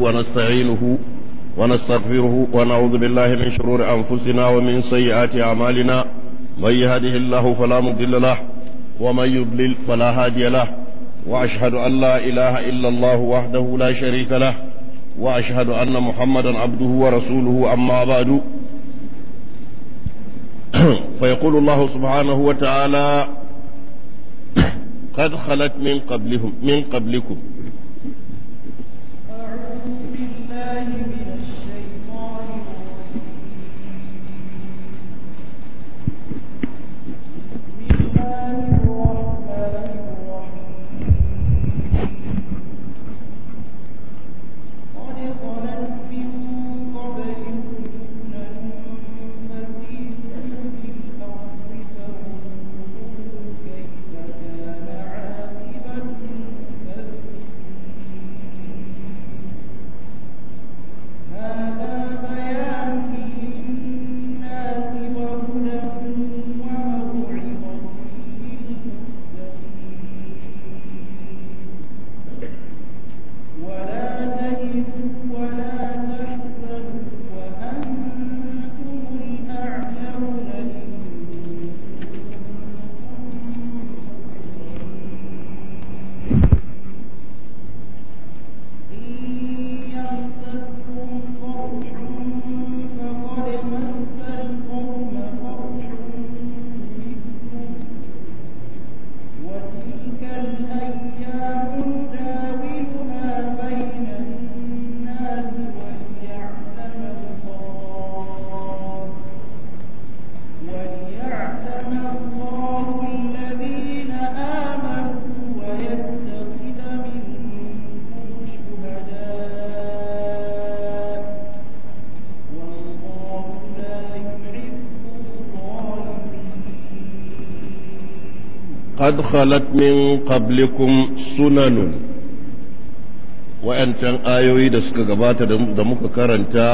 ونستعينه ونستغفره ونعوذ بالله من شرور أنفسنا ومن سيئات أعمالنا من يهده الله فلا مضل له ومن يضلل فلا هادي له وأشهد أن لا إله إلا الله وحده لا شريك له وأشهد أن محمدا عبده ورسوله أما بعد فيقول الله سبحانه وتعالى قد خلت من قبلهم من قبلكم قد خلت من قبلكم سنن ayoyi da suka gabata da muka karanta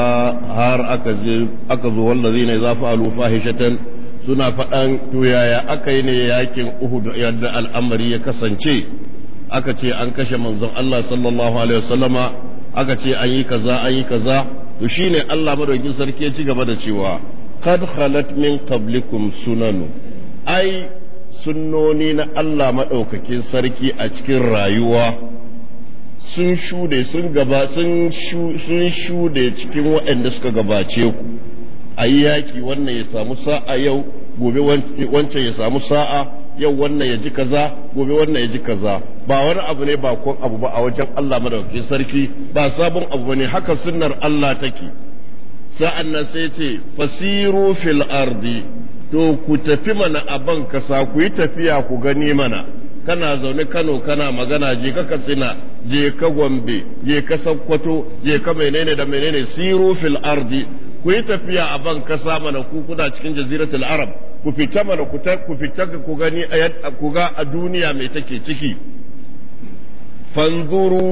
har aka zo wallazi ne za fa'alu fahishatan suna faɗan to yaya aka yi ne yakin uhud yadda al'amari ya kasance aka ce an kashe manzon Allah sallallahu alaihi wasallama aka ce an yi kaza an yi kaza to shine Allah madaukin sarki ya ci gaba da cewa qad khalat min qablikum sunanu ai sunnoni na Allah maɗaukakin sarki a cikin rayuwa sun shude sun gaba sun shude cikin waɗanda suka gabace ku a yi yaƙi wannan ya samu sa'a yau gobe wancan ya samu sa'a yau wannan ya ji kaza gobe wannan ya ji kaza ba wani abu ne ba kon abu ba a wajen Allah madaukakin sarki ba sabon abu ne haka sunnar Allah take sa'an nan sai ce fasiru fil ardi to ku tafi mana a ban kasa ku yi tafiya ku gani mana kana zaune Kano kana magana je ka Katsina je ka Gombe je ka sakkwato je ka menene da menene siru fil ardi ku yi tafiya a ban kasa mana ku kuna cikin jaziratul arab ku fita mana ku fita ku gani ku ga a duniya mai take ciki fanzuru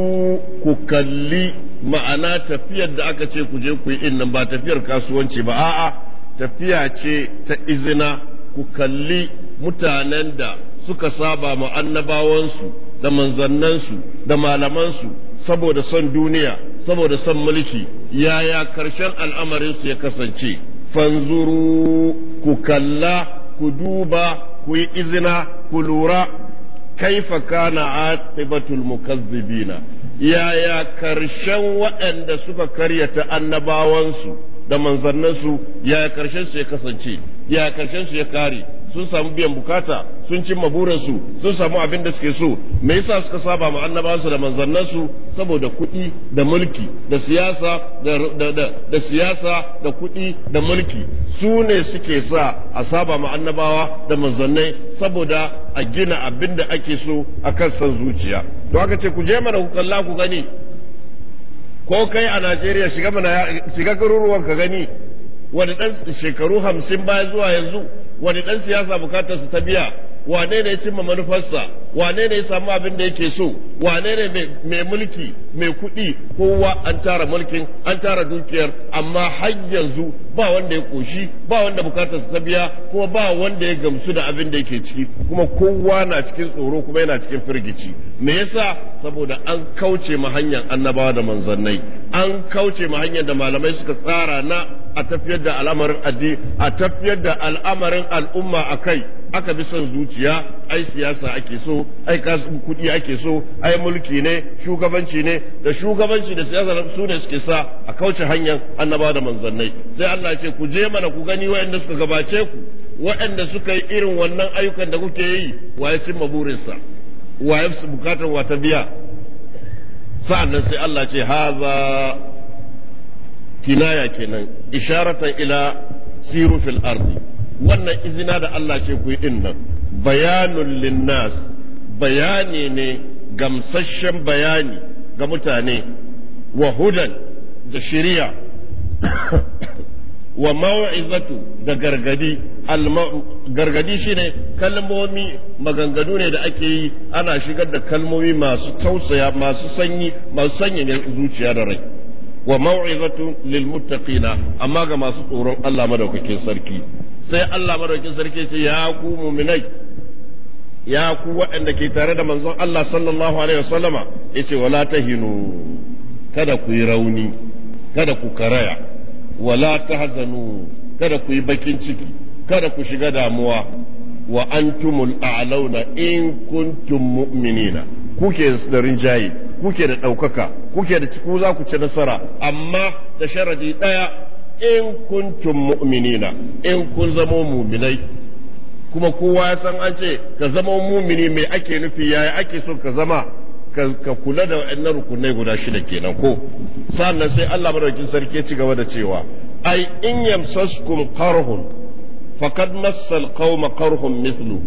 ku kalli ma'ana tafiyar da aka ce ku je ku yi innan ba tafiyar kasuwanci ba a'a tafiya ce ta izina ku kalli mutanen da suka saba ma annabawansu da manzannansu da malamansu saboda son duniya saboda son mulki yaya karshen al'amarinsu ya kasance fanzuru ku kalla ku duba ku yi izina ku lura kaifa kana aqibatul mukazzibina yaya karshen waɗanda suka karyata annabawansu da manzannansu ya karshen su ya kasance ya karshen su ya kare sun samu biyan bukata sun cimma burinsu sun samu abin da suke so me yasa suka saba mu annabansu da manzannansu saboda kuɗi da mulki da siyasa da siyasa da kuɗi da mulki su ne suke sa a saba mu annabawa da manzannai saboda a gina abin da ake so a kan san zuciya to aka ce ku je mana ku kalla ku gani ko kai a Najeriya shiga mana shiga garuruwan ka gani wani ɗan shekaru hamsin baya zuwa yanzu wani ɗan siyasa bukatarsa ta biya wane ne cimma manufarsa wane ne ya samu abin da yake so wane ne mai mulki mai kuɗi kowa an tara mulkin an tara dukiyar amma har yanzu ba wanda ya koshi ba wanda bukatar ta biya kuma ba wanda ya gamsu da abin da yake ciki kuma kowa na cikin tsoro kuma yana cikin firgici me yasa saboda an kauce ma hanyar annabawa da manzannai an kauce ma hanyar da malamai suka tsara na a tafiyar da al'amarin addini a tafiyar da al'amarin al'umma a kai aka bi son zuciya ai siyasa ake so ai kasu kuɗi ake so ai mulki ne shugabanci ne da shugabanci da siyasa su ne suke sa a kauce hanyar annaba da manzannai sai Allah ce ku je mana ku gani waɗanda suka gabace ku waɗanda suka yi irin wannan ayyukan da kuke yi wa ya cimma burinsa wa ya bukatar wa ta biya sa'an nan sai Allah ce haza kinaya kenan isharatan ila siru fil ardi wannan izina da Allah ce ku yi din nan bayanun linnas bayani ne gamsasshen bayani ga mutane wa hudan da shiriya wa mawa'izatu da gargadi gargadi shine kalmomi maganganu ne da ake yi ana shigar da kalmomi masu tausaya masu sanyi masu sanyaya zuciya da rai wa maw'izatu lil amma ga masu tsoron Allah madaukakin sarki sai Allah madaukakin sarki ce ya ku mu'minai ya ku waɗanda ke tare da manzon Allah sallallahu alaihi wasallama yace wala tahinu kada ku yi rauni kada ku karaya wala tahzanu kada ku yi bakin ciki kada ku shiga damuwa wa antumul a'launa in kuntum mu'minina kuke da rinjaye kuke da ɗaukaka kuke da ku za ku ci nasara amma da sharadi ɗaya in kuntum mu'minina in kun zamo muminai kuma kowa ya san an ce ka zama mumini mai ake nufi yaya ake so ka zama ka kula da wa'annan rukunai guda shida kenan ko sannan sai Allah madaukakin sarki ya ci gaba da cewa ai in yamsaskum qarhun faqad massal qauma qarhun mithluhu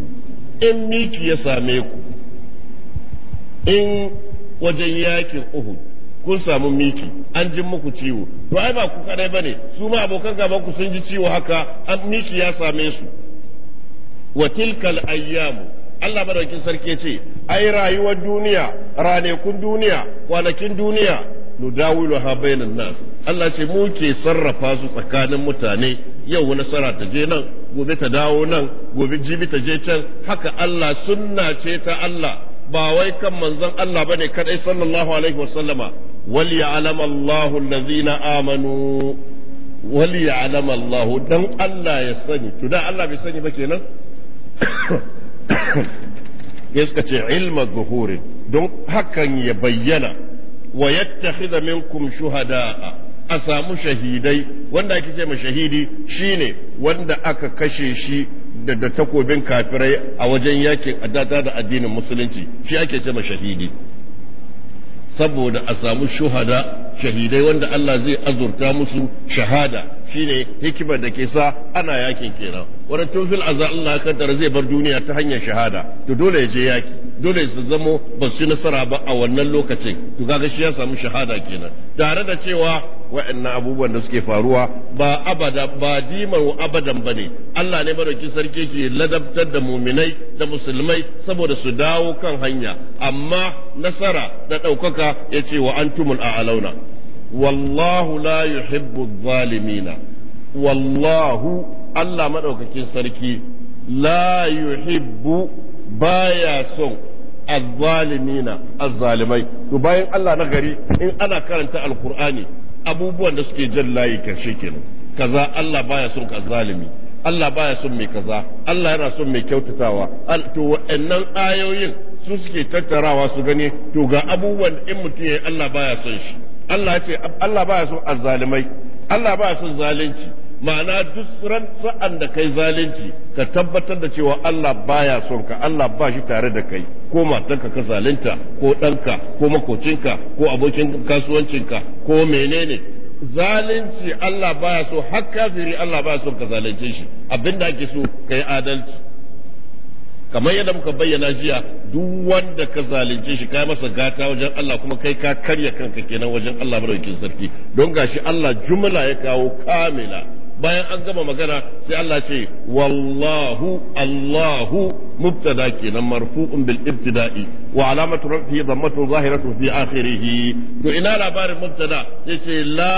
in miki ya same ku in wajen yakin Uhud kun samu miki an jin muku ciwo to ai ba ku kadai bane su ma abokan gaban ku sun ji ciwo haka an miki ya same su wa tilkal ayyamu Allah madaukin sarki ce ai rayuwar duniya ranakun duniya kwanakin duniya nudawilu ha bainan nas Allah ce mu ke sarrafa su tsakanin mutane yau nasara ta je nan gobe ta dawo nan gobe jibi ta je can haka Allah sunna ce ta Allah ba wai kan manzon Allah bane kadai sallallahu alaihi wasallama wal ya'lam Allahu allazina amanu wal ya'lam Allahu dan Allah ya sani to da Allah bai sani ba kenan ya suka ce ilma zuhurin don hakan ya bayyana wa yattakhidha minkum shuhada a samu shahidai wanda ake ce shahidi shine wanda aka kashe shi da takobin kafirai a wajen yakin adada da addinin musulunci shi ake ce shahidi saboda a samu shuhada shahidai wanda Allah zai azurta musu shahada shine hikimar da ke sa ana yakin kenan wani tun fil aza Allah kaddara zai bar duniya ta hanyar shahada to dole ya je yaki dole su zamo ba su nasara ba a wannan lokacin to kaga shi ya samu shahada kenan tare da cewa wa'annan abubuwan da suke faruwa ba abada ba diman abadan bane Allah ne madauki sarki ke ladabtar da muminai da musulmai saboda su dawo kan hanya amma nasara da ɗaukaka ya ce wa antumul a'launa wallahu la yuhibbu zalimina wallahu Allah madaukakin sarki la yuhibbu baya son azzalimina azzalimai to bayan Allah na gari in ana karanta alkur'ani abubuwan da suke jan layi karshe kenan kaza Allah baya son ka zalimi Allah baya son mai kaza Allah yana son mai kyautatawa to wa'annan ayoyin su suke tattarawa su gani to ga abubuwan in mutum ya Allah baya son shi Allah ya ce Allah baya son azzalimai Allah baya son zalunci ma'ana duk ran sa'an da kai zalunci ka tabbatar da cewa Allah baya son ka Allah ba shi tare da kai ko matanka ka zalunta ko ɗanka ko makocinka ko abokin kasuwancinka ko menene zalunci Allah baya so har kafiri Allah baya son ka zalunce shi abinda ake so kai adalci kamar yadda muka bayyana jiya duk wanda ka zalunce shi kai masa gata wajen Allah kuma kai ka karya kanka kenan wajen Allah madaukakin sarki don gashi Allah jumla ya kawo kamila bayan an gama magana sai Allah ce wallahu allahu mubtada kenan marfu'un bil ibtida'i wa alamatu rafi dhammatu zahiratu fi akhirih to ina labarin mubtada sai ce la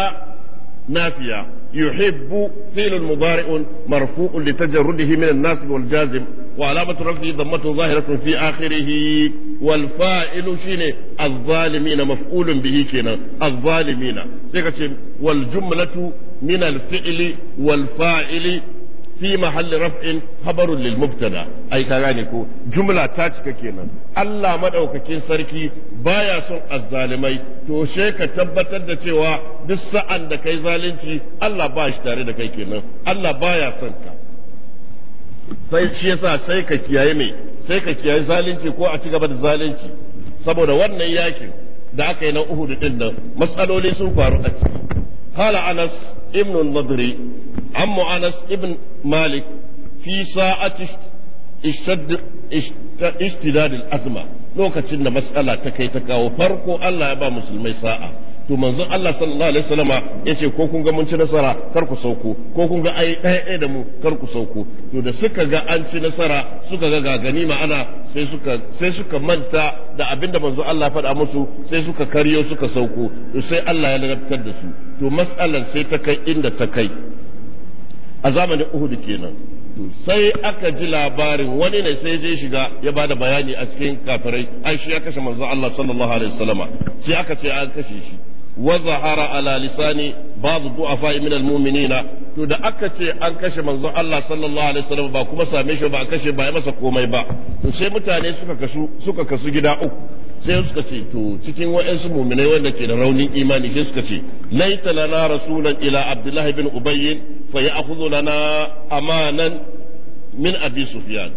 nafiya yuhibbu fi'lun mudari'un marfu'un li tajarrudihi min an-nas wal jazim wa alamatu rafi dhammatu zahiratu fi akhirih wal fa'ilu shine adh-dhalimina maf'ulun bihi kenan adh sai kace ce wal jumlatu من الفعل والفاعل في محل رفع خبر للمبتدا اي كغاني كو جمله تا cika kenan Allah madaukakin sarki baya son azzalimai to she ka tabbatar da cewa duk sa'an da kai zalunci Allah ba shi tare da kai kenan Allah baya son ka sai shi yasa sai ka kiyaye mai. sai ka kiyaye zalunci ko a ci gaba da zalunci saboda wannan yakin da aka yi na Uhud din nan matsaloli sun faru a ciki قال أنس ابن النضري عم أنس ابن مالك في ساعة اشتد اشتداد الأزمة لوكacin da matsala ta kai ta kawo farko Allah ya ba musulmai sa'a to manzon Allah sallallahu alaihi wasallama yace ko kun ga mun ci nasara kar ku sauko ko kun ga ai ɗaya ɗaya da mu kar ku sauko to da suka ga an ci nasara suka ga ga ma'ana ana sai suka sai suka manta da abinda manzon Allah faɗa musu sai suka karyo suka sauko to sai Allah ya ladabtar da su to mas'alan sai ta kai inda ta kai a zamanin Uhud kenan sai aka ji labarin wani ne sai je shiga ya bada bayani a cikin kafirai ai shi ya kashe manzon Allah sallallahu alaihi wasallama sai aka ce an kashe shi wa zahara ala lisani babu du'afa min almu'minina to da aka ce an kashe manzo Allah sallallahu alaihi wasallam ba kuma same shi ba a kashe ba ya masa komai ba to sai mutane suka kasu suka kasu gida uku sai suka ce to cikin wa'ansu muminai wanda ke da raunin imani sai suka ce laita lana rasulan ila abdullahi bin ubayy fa ya'khudhu lana amanan min abi sufyan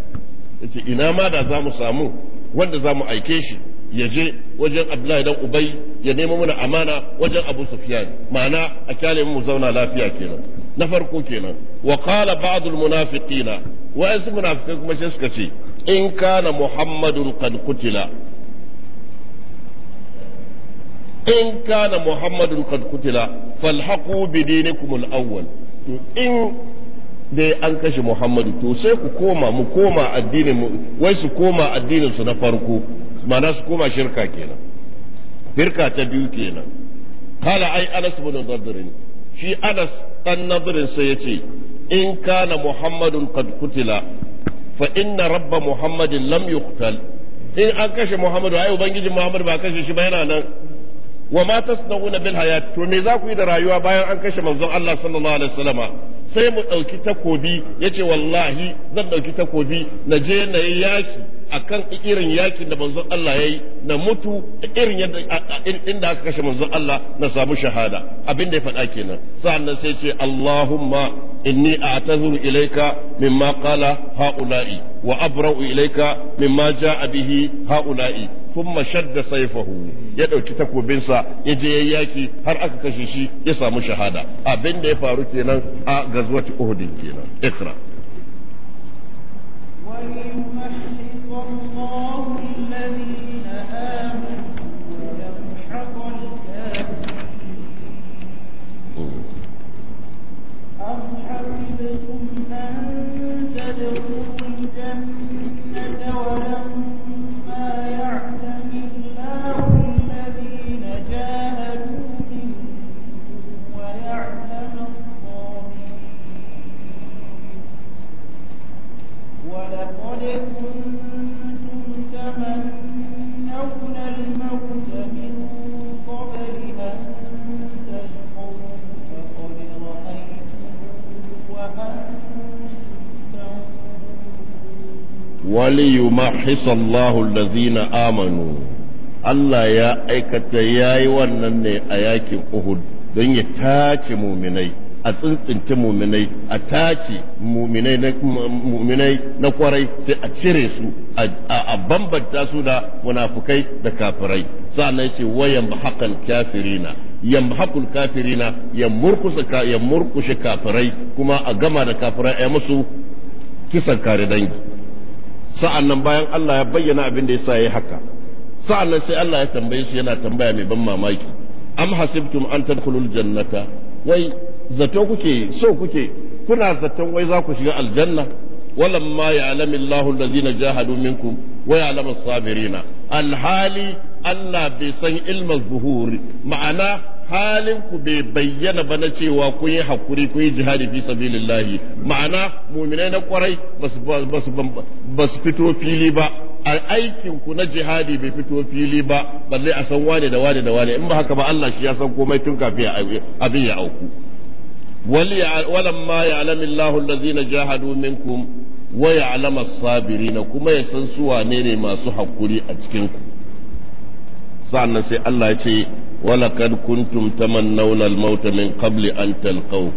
yace ina ma da zamu samu wanda zamu aike shi ya je wajen Abdullahi dan ubai ya nemo mana amana wajen Abu Sufyan ma'ana a kyale mu zauna lafiya kenan na farko kenan wa qala ba'd al munafiqina wa asu munafiqai kuma sai suka ce in kana Muhammadun qad kutila in kana Muhammadun qad kutila falhaqu bi dinikum al awwal in dai an kashe Muhammadu to sai ku koma mu koma addinin wai su koma addinin su na farko ma'ana su koma shirka kenan firka ta biyu kenan kala ai anas bin nadrin shi anas dan nadrin sai yace in kana muhammadun qad kutila fa inna rabba muhammadin lam yuqtal in an kashe muhammadu ai ubangijin muhammadu ba kashe shi ba yana nan wa ma tasnauna bil hayat to me za ku yi da rayuwa bayan an kashe manzon Allah sallallahu alaihi wasallama sai mu ɗauki takobi ya ce wallahi zan ɗauki takobi na je na yi yaki kan irin yakin da manzon Allah ya yi na mutu irin yadda inda aka kashe manzon Allah na samu shahada abin da ya faɗa kenan sa'annan sai ce Allahumma inni a'tazuru ilayka mimma qala haula'i wa abra'u ma mimma ja'a bihi haula'i thumma shadda sayfahu ya ɗauki takobinsa ya je yaki har aka kashe shi ya samu shahada abin da ya faru kenan a غزوة أهد كينا اقرأ وليمحص الله الذين Amanu Allah ya aikata ya yi wannan ne a yakin Uhud don ya tace muminai, a tsintsinci muminai, a tace muminai na kwarai sai a cire su, a bambanta su da munafukai da kafirai. Sa'an ce wayan haƙan kafirina yamhaqul kafirina ya murkushe kafirai kuma a gama da kafirai yi musu kisan kare dangi sa'an nan bayan Allah ya bayyana abin da ya sa ya haka sa'an nan sai Allah ya tambaye su yana tambaya mai ban mamaki am hasibtum an tadkhulul jannata wai zato kuke so kuke kuna zaton wai za ku shiga aljanna ولما يعلم الله الذين جاهدوا منكم alhali الصابرين الحالي bai san علم الظهور ma'ana. halin ku bai bayyana ba na cewa ku yi hakuri ku yi jihadi fi sabilillahi ma'ana muminai na kwarai ba su fito fili ba a aikin ku na jihadi bai fito fili ba balle a san wane da wane da wane in ba haka ba Allah shi ya san komai tun kafin abin ya auku walamma ya'lamu Allahu allazina jahadu minkum wa ya'lamu as-sabirina kuma ya san su wane ne masu hakuri a cikin ku sannan sai Allah ya ce ولقد كنتم تمنون الموت من قبل أن تلقوه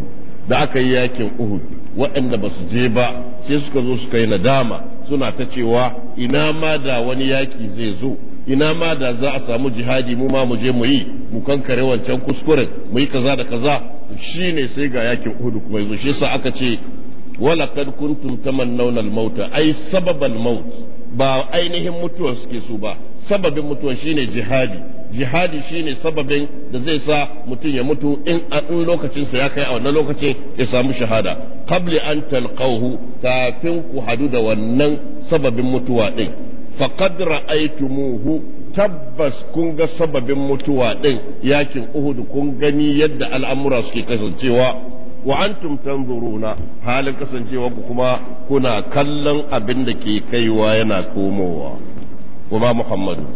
da aka yi yakin Uhud waɗanda ba su je ba sai suka zo suka yi nadama suna ta cewa ina ma da wani yaki zai zo ina ma da za a samu jihadi mu ma mu je mu yi mu kankare wancan kuskuren mu yi kaza da kaza shi ne sai ga yakin Uhud kuma yanzu shi yasa aka ce walaqad kuntum tamannawna al sababan ay sababal maut ba ainihin mutuwa suke so ba sababin mutuwa shine jihadi jihadi shine sababin da zai sa mutum ya mutu in in lokacinsa ya kai a wannan lokacin ya samu shahada qabli an talqahu kafin ku hadu da wannan sababin mutuwa din faqad ra'aytumuhu tabbas kun ga sababin mutuwa din yakin Uhud kun gani yadda al'amura suke kasancewa wa antum tanzuruna halin kasancewa ku kuma kuna kallon abin da ke kaiwa yana komowa wa ma muhammadu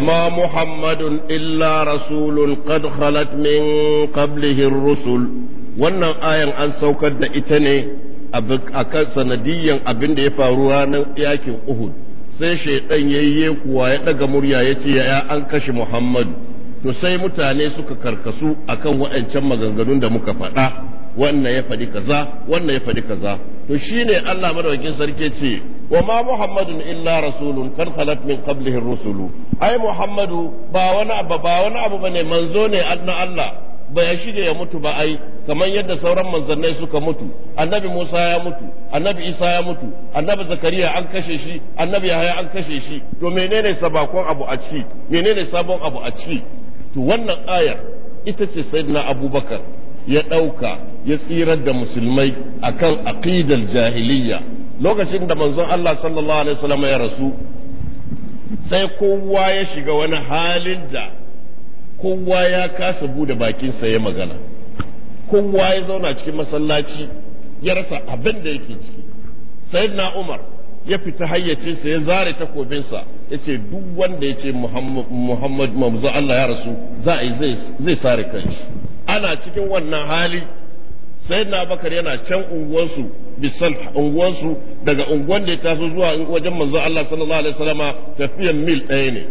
وما محمد إلا رسول قد خلت من قبله الرسل wannan ayan an saukar da ita ne a kan sanadiyyan abin da ya faru ranar yakin Uhud sai shaidan yayye kuwa ya daga murya ya ce ya an kashe Muhammadu to sai mutane suka karkasu akan waɗancan maganganun da muka faɗa wannan ya faɗi kaza wannan ya faɗi kaza to shine Allah madaukakin sarki ce wa ma Muhammadun illa rasulun kan khalat min qablihi rusulu ai muhammadu ba wani abu ba wani abu bane manzo ne na Allah ba ya shige ya mutu ba ai kamar yadda sauran manzannai suka mutu annabi Musa ya mutu annabi Isa ya mutu annabi Zakariya an kashe shi annabi Yahaya an kashe shi to menene sabakon abu a ciki menene sabon abu a ciki to wannan ayar ita ce sayyidina Abubakar ya ɗauka ya tsirar da musulmai akan aqidar jahiliya lokacin da manzon Allah sallallahu alaihi wasallam ya rasu sai kowa ya shiga wani halin da kowa ya kasa bude bakinsa ya magana kowa ya zauna cikin masallaci ya rasa abin da yake ciki sayyidina umar ya fita hayyacinsa ya zare takobinsa ya ce duk wanda ya ce muhammad mamzu allah ya rasu za a yi zai sare kanshi ana cikin wannan hali sayyidina bakar yana can unguwarsu bisalh unguwansu daga unguwan da ya taso zuwa wajen manzo Allah sallallahu alaihi wasallama tafiyan mil ɗaya ne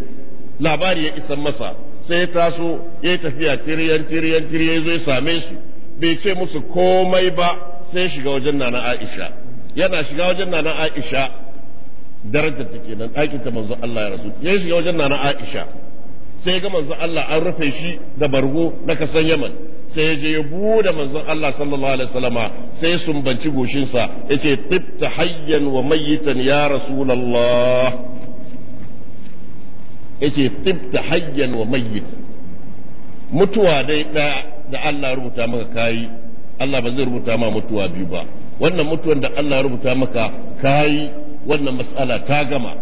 labari ya isan masa sai ya taso ya tafiya tiriyan tiriyan tiriyan zo ya same su bai ce musu komai ba sai shiga wajen nana Aisha yana shiga wajen nana Aisha darajar ta kenan ɗakin ta manzo Allah ya rasu ya shiga wajen nana Aisha sai ga manzo Allah an rufe shi da bargo na kasan Yaman sai ya je ya bude manzon Allah sallallahu alaihi wasallama sai sun banci goshinsa yace tibta hayyan wa mayyitan ya rasulullah yace tibta hayyan wa mayyit mutuwa dai daya da Allah rubuta maka kayi Allah ba zai rubuta ma mutuwa biyu ba wannan mutuwan da Allah rubuta maka kayi wannan mas'ala ta gama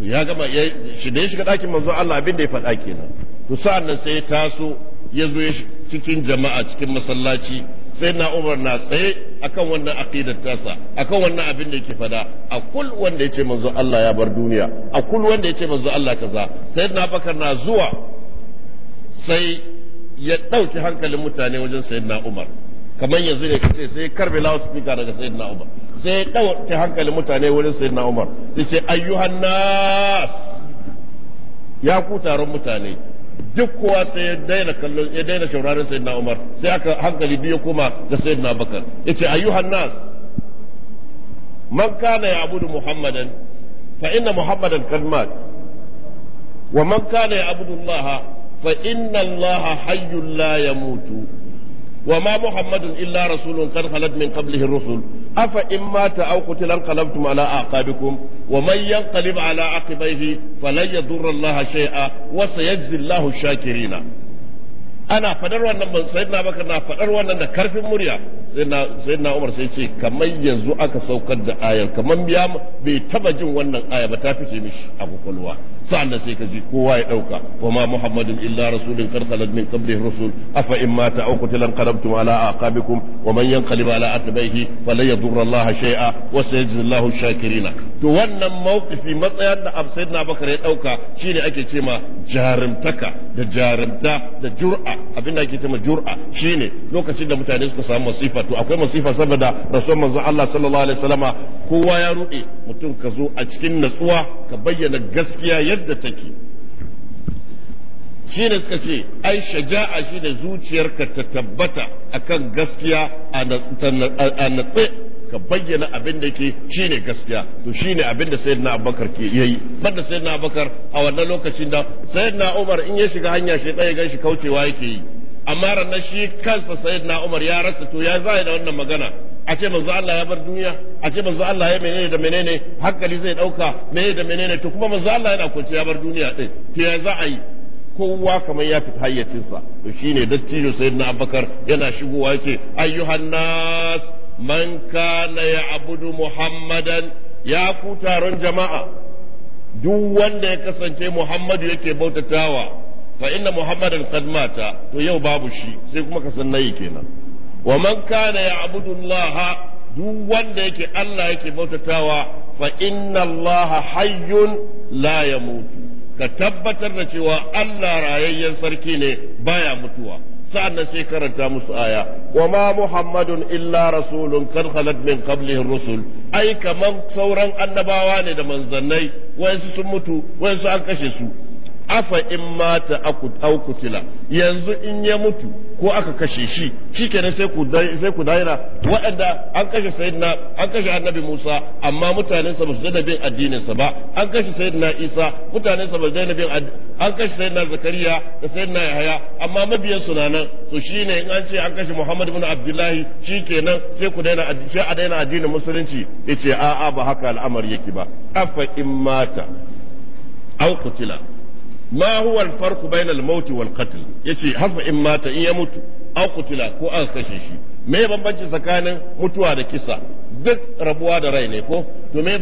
ya gama ya shiga ɗakin manzon Allah abin da ya faɗa kenan to sa'an nan sai ya taso ya zo cikin jama'a cikin masallaci sai na umar na tsaye akan wannan aqidar tasa akan wannan abin da yake fada a kul wanda yace manzo Allah ya bar duniya a kul wanda yace manzo Allah kaza sai na bakar na zuwa sai ya ɗauki hankalin mutane wajen sayyidina umar kamar yanzu ne ka ce sai karbe loudspeaker daga sayyidina umar sai ya ɗauki hankalin mutane wurin sayyidina umar yace ayyuhan nas ya ku taron mutane duk kowa sai ya daina kallon ya daina shauraron sayyidina Umar sai aka hankali biyu kuma da sayyidina Bakar yace ayyuhan nas man kana ya'budu muhammadan fa inna muhammadan kad mat wa man kana ya'budu allaha fa inna allaha hayyul la yamutu wa ma muhammadun illa rasulun qad khalat min qablihi rasul afa in mata aw qutila qalabtum ala aqabikum wa man yanqalib ala aqibaihi falan yadurra allaha shay'a wa sayajzi allahu shakirina ana fadar wannan ban sai na baka na fadar wannan da karfin murya sai na umar sai ce kamar yanzu aka saukar da ayar kamar ya bai taba jin wannan aya ba ta fice mishi a kwakwalwa sa'annan sai ka ji kowa ya dauka wa ma Muhammadu illa rasulun qad min qablihi rusul afa in mata aw qutilan qarabtum ala aqabikum wa man yanqalib ala atbaihi falan yadurra allaha shay'a wa sayajzi allahu shakirina to wannan mawqifi matsayar da sayyidina bakar ya dauka shine ake cema jarumtaka da jarumta da jur'a abinda ake cema jur'a shine lokacin da mutane suka samu masifa to akwai masifa saboda rasul manzo Allah sallallahu alaihi wasallama kowa ya rude mutum ka zo a cikin natsuwa ka bayyana gaskiya yadda take shi ne suka ce ai shaja'a shi ne zuciyarka ta tabbata akan gaskiya a natse ka bayyana abin da ke shi ne gaskiya to shi ne abin da sayyidina abubakar ke yayi banda sayyidina abubakar a wannan lokacin da sayyidina umar in ya shiga hanya shi ɗaya gan shi kaucewa yake yi amma ranar shi kansa sayyidina umar ya rasa to ya zai da wannan magana a ce manzo Allah ya bar duniya a ce manzo Allah ya menene da menene hankali zai dauka menene da menene to kuma manzo Allah yana kwance ya bar duniya din to ya za a yi kowa kamar ya fita hayyacinsa to shine dattijo sayyidina Abubakar yana shigowa yace ayyuhan nas man kana abudu muhammadan ya ku taron jama'a duk wanda ya kasance Muhammadu yake bautatawa fa inna muhammadan qad mata to yau babu shi sai kuma kasan nayi kenan wa man kana ya'budu Allah duk wanda yake Allah yake bautatawa fa inna Allah hayyun la yamutu ka tabbatar da cewa Allah rayayyen sarki ne baya mutuwa na sai karanta musu aya wa ma muhammadun illa rasulun kan khalat min qablihi rusul ai kaman sauran annabawa ne da manzannai wayansu sun mutu wayansu an kashe su afa in mata au kutila yanzu in ya mutu ko aka kashe shi shikenan sai ku sai ku daina waɗanda an kashe sayyidina an kashe annabi Musa amma mutanen sa basu da bin addinin sa ba an kashe sayyidina Isa mutanen sa basu da bin an kashe sayyidina Zakariya da sayyidina Yahaya amma mabiyan su nan to shine in an ce an kashe Muhammad ibn Abdullahi shikenan sai ku daina sai a daina addinin musulunci yace a'a ba haka al'amari yake ba afa in mata au kutila ما هو الفرق بين الموت والقتل يتي yace hafa مات mata in ya mutu aw qutila ko aka kashe shi me bambanci tsakanin mutuwa da kisa duk rabuwa da rai ne ko to me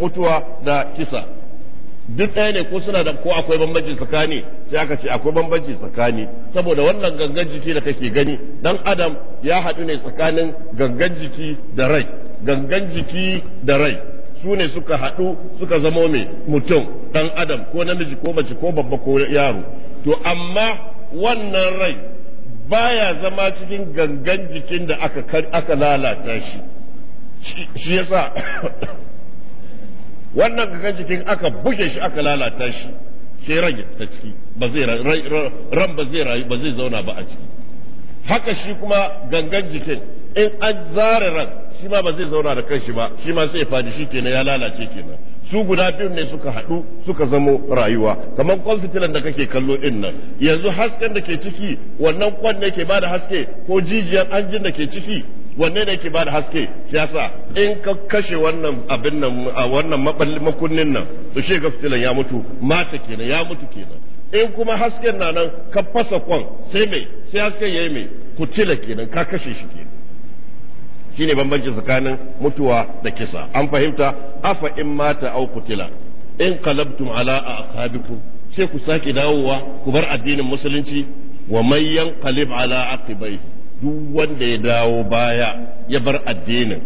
mutuwa da kisa duk ɗaya ne ko suna da ko akwai bambanci tsakani sai aka ce akwai bambanci tsakani saboda wannan gangan jiki da kake gani dan adam ya haɗu ne tsakanin gangan jiki da rai gangan jiki da rai su ne suka haɗu suka zamo mai mutum ɗan adam ko namiji ko mace ko babba ko yaro to amma wannan rai baya zama cikin gangan jikin da aka aka lalata shi shi yasa wannan gangan jikin aka buge shi aka lalata shi sai ran ya ciki ba zai ran ba zai rayu ba zai zauna ba a ciki haka shi kuma gangan jikin in an zare ran shi ma ba zai zauna da kanshi ba shi ma sai fadi shi kenan ya lalace kenan su guda biyu ne suka haɗu suka zamo rayuwa kamar kwan fitilan da kake kallo din nan yanzu hasken da ke ciki wannan kwan ne ke bada haske ko jijiyar anjin da ke ciki wanne ne ke bada haske yasa in ka kashe wannan abin nan a wannan makunnin nan to shi ga fitilan ya mutu mata kenan ya mutu kenan in kuma hasken na nan ka fasa kwan sai mai sai hasken yayi mai kutila kenan ka kashe shi kenan shine bambanci tsakanin mutuwa da kisa an fahimta afa in mata au kutila in qalabtum ala aqabikum sai ku sake dawowa ku bar addinin musulunci wa man yanqalib ala aqibai duk wanda ya dawo baya ya bar addinin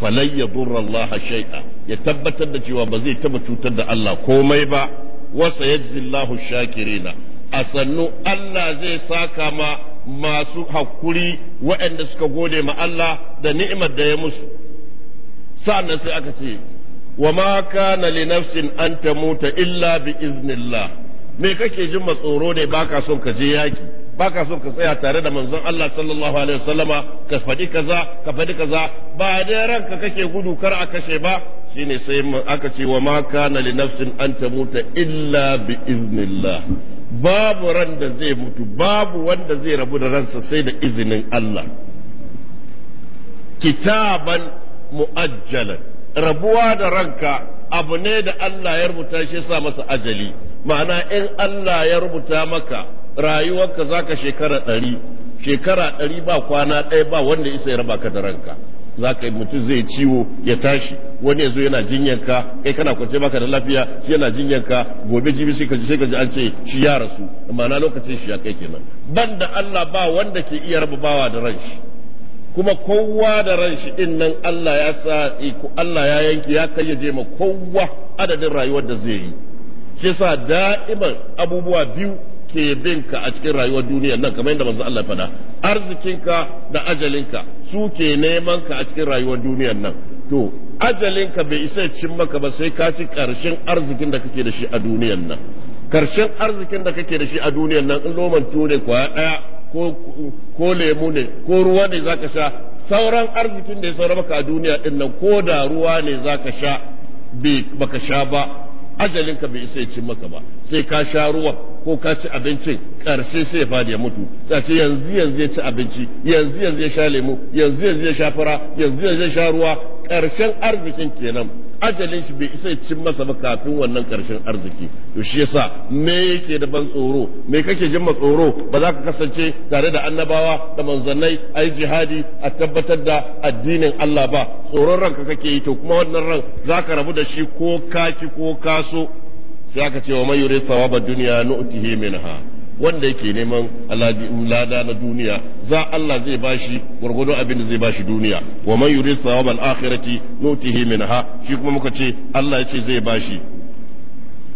falai ya Allah shay'a ya tabbatar da cewa ba zai taba cutar da Allah komai ba wasa yajzillahu shakirina a sannu Allah zai saka ma masu hakuri waɗanda suka gode ma Allah da ni'imar da ya musu sa'annan sai aka ce wa ma kana li nafsin an tamuta illa bi iznillah me kake jin matsoro ne baka son ka je yaki baka son ka tsaya tare da manzon Allah sallallahu alaihi wasallama ka faɗi kaza ka faɗi kaza ba da ranka kake gudu kar a kashe ba shine sai aka ce wa ma kana li nafsin an tamuta illa bi iznillah babu ran da zai mutu babu wanda zai rabu da ransa sai da izinin Allah kitaban mu'ajjalan rabuwa da ranka abu ne da Allah ya rubuta shi sa masa ajali ma'ana in Allah ya rubuta maka rayuwarka zaka shekara ɗari shekara ɗari ba kwana ɗaya ba wanda isa ya raba ka da ranka za ka yi mutum zai ciwo ya tashi wani zo yana jinyanka kai kana kwace maka da lafiya shi yana jinyanka gobe jibi sai kaji sai an ce shi ya rasu ma'ana lokacin shi ya kai kenan banda Allah ba wanda ke iya raba bawa da ranshi kuma kowa da ranshi din nan Allah ya sa Allah ya yanki ya kayyaje ma kowa adadin rayuwar da zai yi shi yasa da'iman abubuwa biyu ke binka a cikin rayuwar duniyar nan kamar yadda manzo Allah faɗa arzikinka da ajalinka su ke neman ka a cikin rayuwar duniyar nan to ajalinka bai isa cin maka ba sai ka ci karshen arzikin da kake da shi a duniyar nan karshen arzikin da kake da shi a duniyar nan in loman ne kwaya ɗaya ko lemu ne ko ruwa ne zaka sha sauran arzikin da ya saura maka a duniya din nan ko da ruwa ne zaka sha baka sha ba ajalinka bai isa ya ci maka ba sai ka sha ruwa ko ka ci abincin karshe sai ya fadi ya mutu sai yanzu yanzu ya ci abinci yanzu yanzu ya sha lemu yanzu yanzu ya sha fura yanzu yanzu ya sha ruwa ƙarshen arzikin kenan ajalin shi bai isa cin masa ba kafin wannan ƙarshen arziki to shi yasa me yake da ban tsoro me kake jin ma tsoro ba za ka kasance tare da annabawa da manzannai ai jihadi a tabbatar da addinin Allah ba tsoron ranka kake yi to kuma wannan ran za ka rabu da shi ko kaki ko kaso sai aka ce wa man sawaba dunya nu'tihi minha wanda yake neman lada na duniya za Allah zai bashi gwargwado abin da zai bashi duniya wa man yurid al akhirati nutihi minha shi kuma muka ce Allah ya ce zai bashi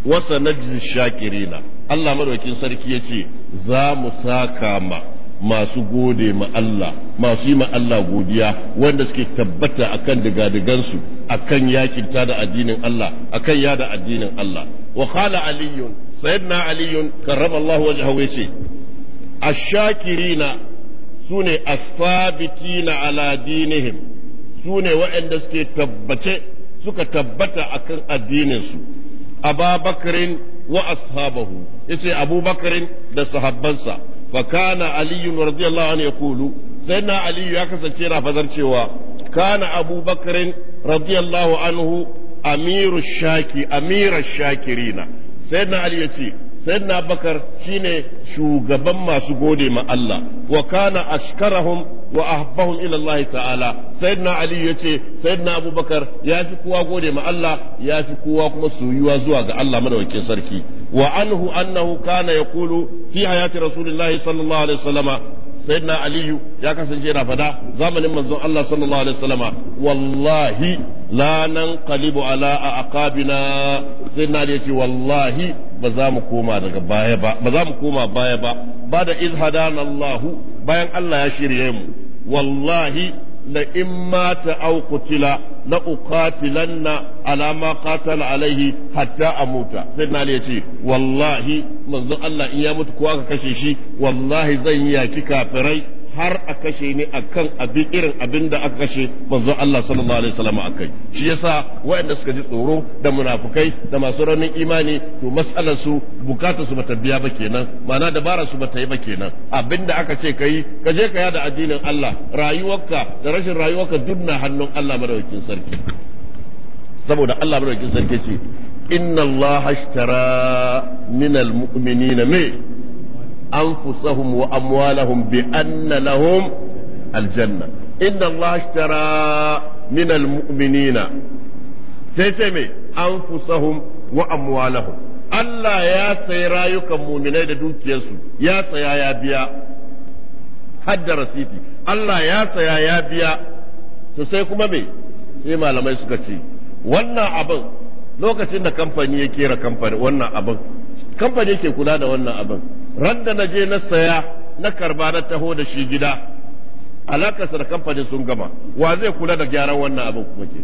wasa shakirina Allah madaukin sarki ya ce za mu saka ma masu gode ma Allah masu yi ma Allah godiya wanda suke tabbata akan digadigansu akan yakin da addinin Allah akan da addinin Allah wa khala aliyun sayyidina aliyun karrama Allah wajhahu yace ash-shakirina sune as-sabitina ala dinihim sune waɗanda suke tabbace suka tabbata akan addininsu ababakrin wa ashabahu yace abubakarin da sahabbansa fa kana ali ya anhu yaqulu sayyidina ali ya kasance na fazar cewa kana abubakar radiyallahu anhu amiru shaki amira shakirina sayyidina ali yace sayyidina bakar shine shugaban masu gode ma Allah wa kana ashkarahum wa ahbahum ila Allah ta'ala Aliyu ya ce sayyidina abubakar ya fi kowa gode ma Allah yafi kowa kuma soyuwa zuwa ga Allah madaukakin sarki wa anhu annahu kana yaqulu fi hayati rasulillahi sallallahu alaihi wasallama sayyidina aliyu ya kasance yana fada zamanin manzon Allah sallallahu alaihi wasallama wallahi la nanqalibu a aqabina sayyidina ali ce wallahi ba za mu koma baya ba ba za mu koma baya ba ba da izhadana Allah bayan Allah ya shirye mu wallahi la ta au qutila la uqatilanna na alama qatala alaihi hatta amuta sai na ya ce wallahi manzon Allah in ya mutu kowa ka kashe shi wallahi zan yi yaki kafirai har a kashe ni a akan abin irin abin da aka kashe manzo Allah sallallahu alaihi wasallam akai shi yasa waɗanda suka ji tsoro da munafukai da masu raunin imani to mas'alar su bukatar su bata biya ba kenan ma'ana dabara su bata yi ba kenan abin da aka ce kai ka je ka yada addinin Allah rayuwarka da rashin rayuwarka duk na hannun Allah madaukakin sarki saboda Allah madaukakin sarki ce inna Allah ashtara minal mu'minina me أنفسهم وأموالهم بأن لهم الجنة إن الله اشترى من المؤمنين سيسمي أنفسهم وأموالهم Allah ya sayi rayukan muminai da dukiyarsu ya saya ya biya hadda rasiti Allah ya saya ya biya to sai kuma me sai malamai suka ce wannan abin lokacin da kamfani ya kera kamfani wannan abin kamfani yake kula da wannan abin randa na je na saya na karba na taho da shi gida alakarsa da kamfani sun gama wa zai kula da gyaran wannan abin kuma ke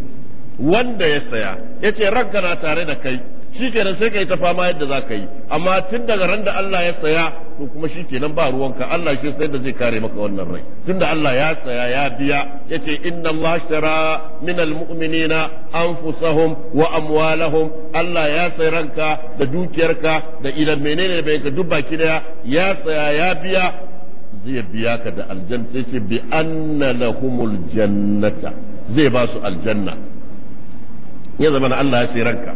wanda ya saya yace ce ranka na tare da kai shi kenan sai ka yi ta fama yadda za ka yi amma tun daga randa Allah ya saya to kuma shi kenan ba ruwanka Allah shi sai da zai kare maka wannan rai tunda Allah ya saya ya biya yace inna Allah shara min almu'minina anfusahum wa amwalahum Allah ya sai ranka da dukiyarka da idan menene bai ka duk baki daya ya saya ya biya zai biya ka da aljanna sai ce bi anna lahumul jannata zai ba su aljanna ya zama Allah ya sai ranka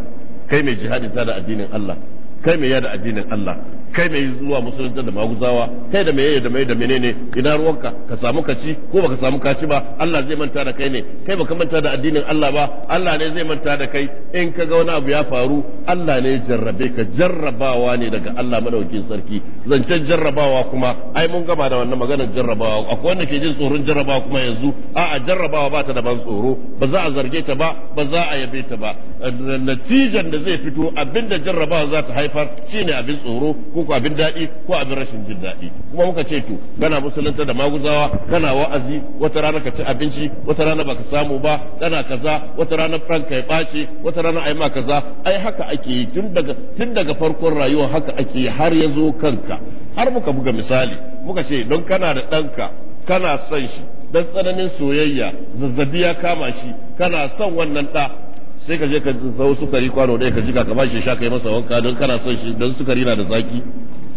kai mai jihadi ta da addinin Allah kai mai yada addinin Allah kai mai zuwa musulunta da maguzawa kai da meye da mai da menene ina ruwanka ka samu ka ci ko baka samu ka ci ba Allah zai manta da kai ne kai baka manta da addinin Allah ba Allah ne zai manta da kai in ka ga wani abu ya faru Allah ne jarrabe ka jarrabawa ne daga Allah madaukin sarki zancen jarrabawa kuma ai mun gaba da wannan maganar jarrabawa akwai wanda ke jin tsoron jarrabawa kuma yanzu a'a jarrabawa ba ta da ban tsoro ba za a zarge ta ba ba za a yabe ta ba natijan da zai fito abinda jarrabawa za ta haifar shine abin tsoro ko ko abin daɗi ko abin rashin jin daɗi kuma muka ce to kana musulunta da maguzawa kana wa'azi wata rana ka ci abinci wata rana baka samu ba kana kaza wata rana ranka ya ɓaci wata rana ai ma kaza ai haka ake yi tun daga tun daga farkon rayuwa haka ake yi har ya zo kanka har muka buga misali muka ce don kana da ɗanka kana son shi dan tsananin soyayya zazzabi ya kama shi kana son wannan ɗa sai ka je ka sau sukari kwano ɗaya ka jika ka bashi sha kai masa wanka don kana son shi don sukari na da zaki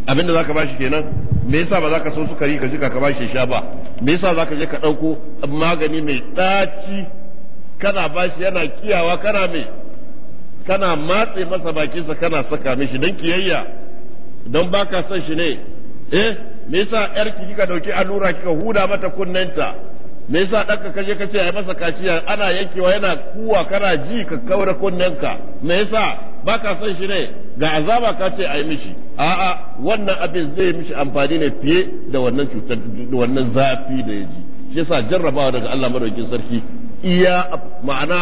abinda zaka bashi kenan me yasa ba zaka so sukari ka jika ka bashi sha ba me yasa zaka je ka ɗauko magani mai ɗaci kana bashi yana kiyawa kana mai kana matse masa bakinsa kana saka mishi don kiyayya don baka son shi ne eh me yasa yarki kika dauki allura kika huda mata kunnenta me yasa ɗanka kaje ka ce yi masa kaciya ana yankewa yana kuwa kana ji ka kaura ka me yasa baka son shi ne ga azaba ka ce ayi mishi a'a wannan abin zai mishi amfani ne fiye da wannan cutar da wannan zafi da ya ji shi yasa jarrabawa daga Allah madaukin sarki iya ma'ana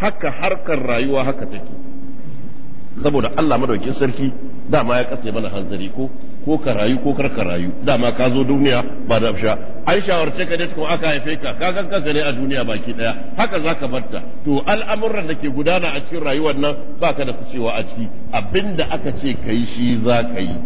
haka harkar rayuwa haka take saboda Allah madaukin sarki dama ya kase mana hanzari ko ko ka rayu ko kar ka rayu dama ka zo duniya ba da sha an shawarce ka ne ko aka haife ka ka kan kanka ne a duniya baki daya haka zaka barta to al'amuran da ke gudana a cikin rayuwar nan baka da kusewa a ciki abinda aka ce kai shi za ka yi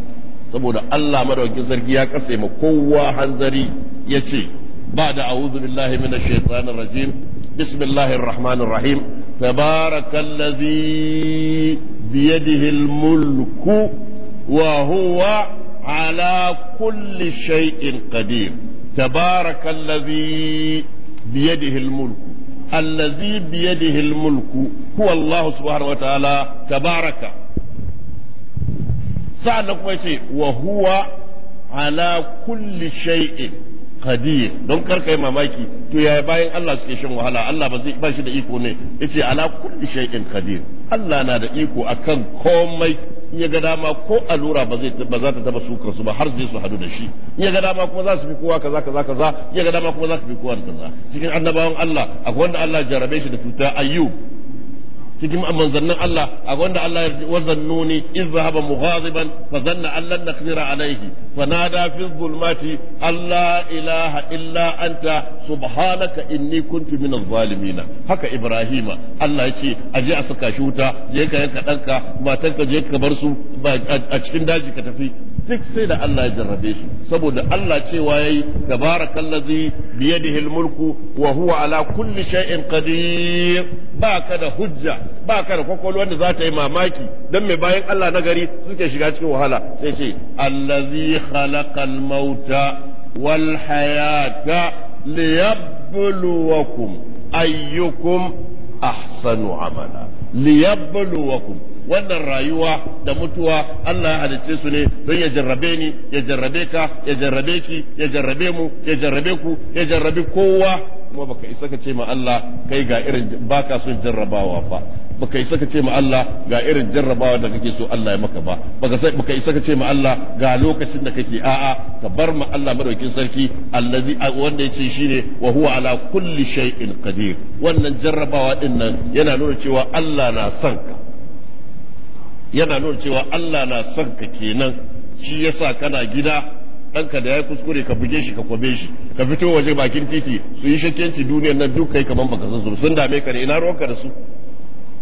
saboda Allah madaukakin sarki ya kasa ma kowa hanzari ya ce ba da a'udhu billahi minash shaitanir rajim bismillahir rahmanir rahim tabarakallazi biyadihi mulku وهو على كل شيء قدير تبارك الذي بيده الملك الذي بيده الملك هو الله سبحانه وتعالى تبارك sa'annan kuma yace wa huwa ala kulli shay'in qadir don karka yi mamaki to yaya bayan Allah suke shan wahala Allah ba zai da iko ne yace ala kulli shay'in qadir Allah na da iko akan komai in ya ga dama ko allura ba za ta taba sukar su ba har zai su hadu da shi in ya ga dama kuma za su fi kowa kaza kaza kaza in ya ga dama kuma za su fi kowa kaza cikin annabawan Allah akwai wanda Allah jarabe shi da cuta ayyub cikin manzannin Allah a wanda Allah wa zannuni iz zahaba mughadiban fa zanna an lan naqdira alayhi fa nada fi dhulmati Allah, ilaha illa anta subhanaka inni kuntu min adh haka ibrahima Allah yace aje a saka shi wuta je ka yanka danka matanka je ka bar su a cikin daji ka tafi duk sai da Allah ya jarrabe su saboda Allah cewa yayi tabarakallazi biyadihi almulku wa huwa ala kulli shay'in qadir baka da hujja baka da kokolo wanda za ta yi mamaki dan mai bayan Allah na gari suke shiga cikin wahala sai ce allazi khalaqal mauta wal hayata liyabluwakum ayyukum ahsanu amala liyabluwakum wannan rayuwa da mutuwa Allah ya halicce su ne don ya jarrabe ni ya jarrabe ka ya jarrabe ki ya jarrabe mu ya jarrabe ku ya jarrabe kowa kuma baka isa ka ce ma Allah kai ga irin baka son jarrabawa ba baka isa ka ce ma Allah ga irin jarrabawa da kake so Allah ya maka ba baka sai baka isa ka ce ma Allah ga lokacin da kake a'a ka bar ma Allah madaukin sarki allazi wanda ce shine wa huwa ala kulli shay'in qadir wannan jarrabawa din nan yana nuna cewa Allah na son ka yana nuna cewa Allah na son ka kenan shi yasa kana gida ɗanka da ya kuskure ka buge shi ka kwabe shi ka fito waje bakin titi su yi shakkenci duniyar nan duk kai kaman baka san su sun dame ka ne ina ruwanka da su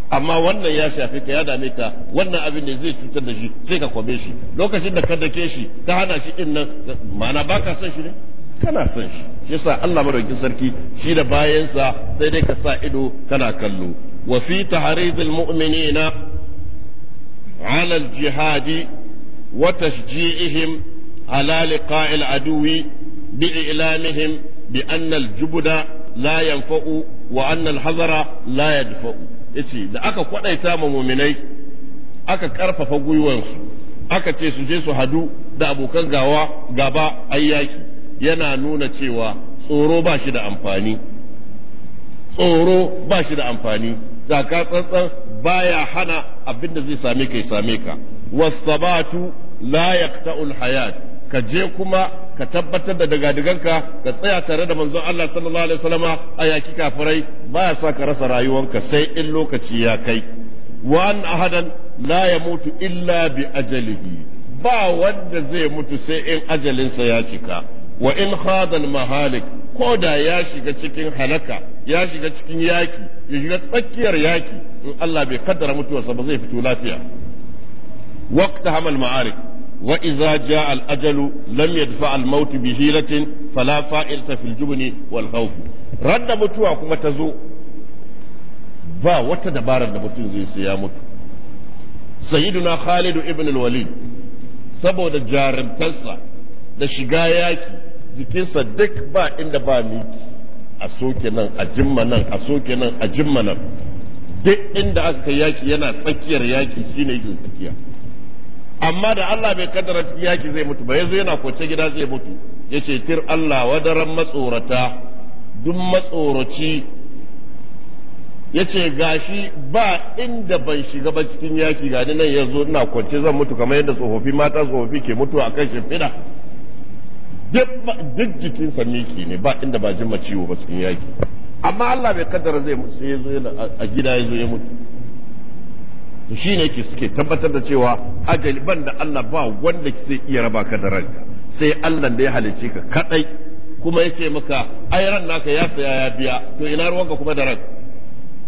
amma wannan ya shafe ka ya dame ka wannan abin ne zai cutar da shi sai ka kwabe shi lokacin da ka dake shi ka hana shi din nan ma'ana baka son shi ne kana son shi yasa Allah madaukakin sarki shi da bayansa sai dai ka sa ido kana kallo wa fi tahrizil mu'minina على jihadi وتشجيعهم على لقاء العدو بإعلامهم بأن الجبد لا ينفع وأن الحذر لا يدفع yace da aka kwadaita ma muminai aka karfafa gwiwansu aka ce su je su hadu da abokan gawa gaba ayyaki yana nuna cewa tsoro ba shi da amfani tsoro ba shi da amfani zaka tsantsan baya hana abinda zai same ka ya same ka wasabatu la yaqta'ul hayat ka je kuma ka tabbatar da dagadiganka ka tsaya tare da manzon Allah sallallahu alaihi wasallama a yaki kafirai baya sa ka rasa rayuwarka sai in lokaci ya kai wa an ahadan la yamutu illa bi ajalihi ba wanda zai mutu sai in ajalinsa ya cika wa in hadal mahalik ko da ya shiga cikin halaka ya shiga cikin yaki ya shiga tsakiyar yaki in Allah bai kaddara mutuwarsa ba zai fito lafiya waqta hamal ma'arik wa al ajalu lam yadfa al maut bi hilatin fala fa'ilta fil jubni wal khawf radda mutuwa kuma ta zo ba wata dabarar da mutum zai sai ya mutu sayyiduna khalid ibn al walid saboda jarumtarsa da shiga yaki jikinsa duk ba inda ba miki a soke nan a jimma nan a soke nan a jimma nan duk inda aka kai yaki yana tsakiyar yaki shine yake tsakiya amma da Allah bai kaddara cikin yaki zai mutu ba yazo yana kwance gida zai mutu yace tir Allah wadaran matsorata duk matsoraci yace gashi ba inda ban shiga ba cikin yaki gani nan yazo ina kwance zan mutu kamar yadda tsofaffi mata tsofaffi ke mutuwa akan shimfiɗa duk jikinsa miki ne ba inda ba jin ciwo ba cikin yaki amma Allah bai kaddara zai mutu sai yazo a gida yazo ya mutu to shine yake suke tabbatar da cewa ajali ban da Allah ba wanda zai iya raba ka da ranka sai Allah da ya halice ka kadai kuma yace maka ai ran naka ya saya ya biya to ina ruwan ka kuma da ran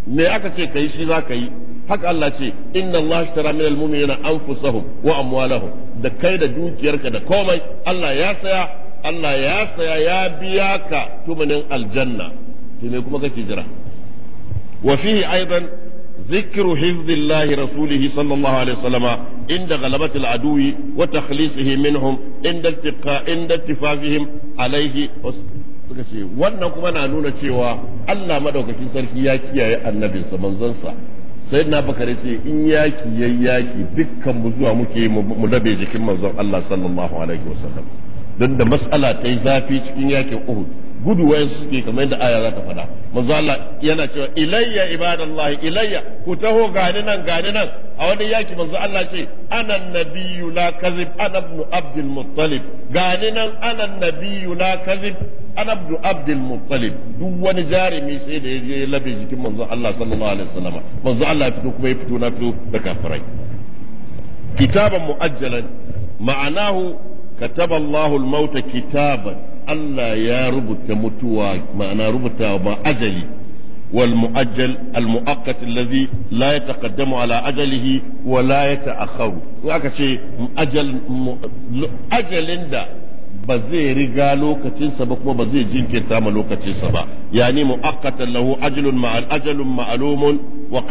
me aka ce kai shi za ka yi haka Allah ce inna Allah ashtara min al-mu'minina anfusahum wa amwalahum da kai da dukiyarka da komai Allah ya saya Allah ya saya ya biya ka tumanin aljanna to me kuma kake jira wa aizan zikiru ذكر حفظ الله رسوله صلى الله عليه وسلم عند غلبة العدو وتخليصه منهم عند التقاء عند اتفافهم عليه suka wannan kuma na nuna cewa Allah madaukakin sarki ya kiyaye annabinsa manzonsa sai na bakare ce in yaki yayi yaki dukkan mu zuwa muke mu dabe jikin manzon Allah sallallahu alaihi wasallam don da matsala ta yi zafi cikin yakin uhud gudu wayan ke kamar yadda aya za ta faɗa manzo Allah yana cewa ilayya ibadallah ilayya ku taho gani nan gani nan a wani yaki manzo Allah ce Anan nabiyyu la kazib ana ibn abdul muttalib gani nan Anan nabiyyu la kazib ana ibn abdul muttalib duk wani jarumi sai da ya labe jikin manzo Allah sallallahu alaihi wasallam manzo Allah ya fito kuma ya fito na fito da kafirai kitaban muajjalan ma'anahu kataba Allahul mauta kitaban Allah ya rubuta mutuwa ma'ana rubuta ba ajali wal mu'ajjal al mu'aqqat allazi la yataqaddamu ala ajalihi wa la yata'akhkharu in aka ce ajal ajalin da ba zai riga lokacinsa ba kuma ba zai jinkirta ma lokacinsa ba yani mu'aqqatan lahu ajlun ma'al ajalun ma'lumun wa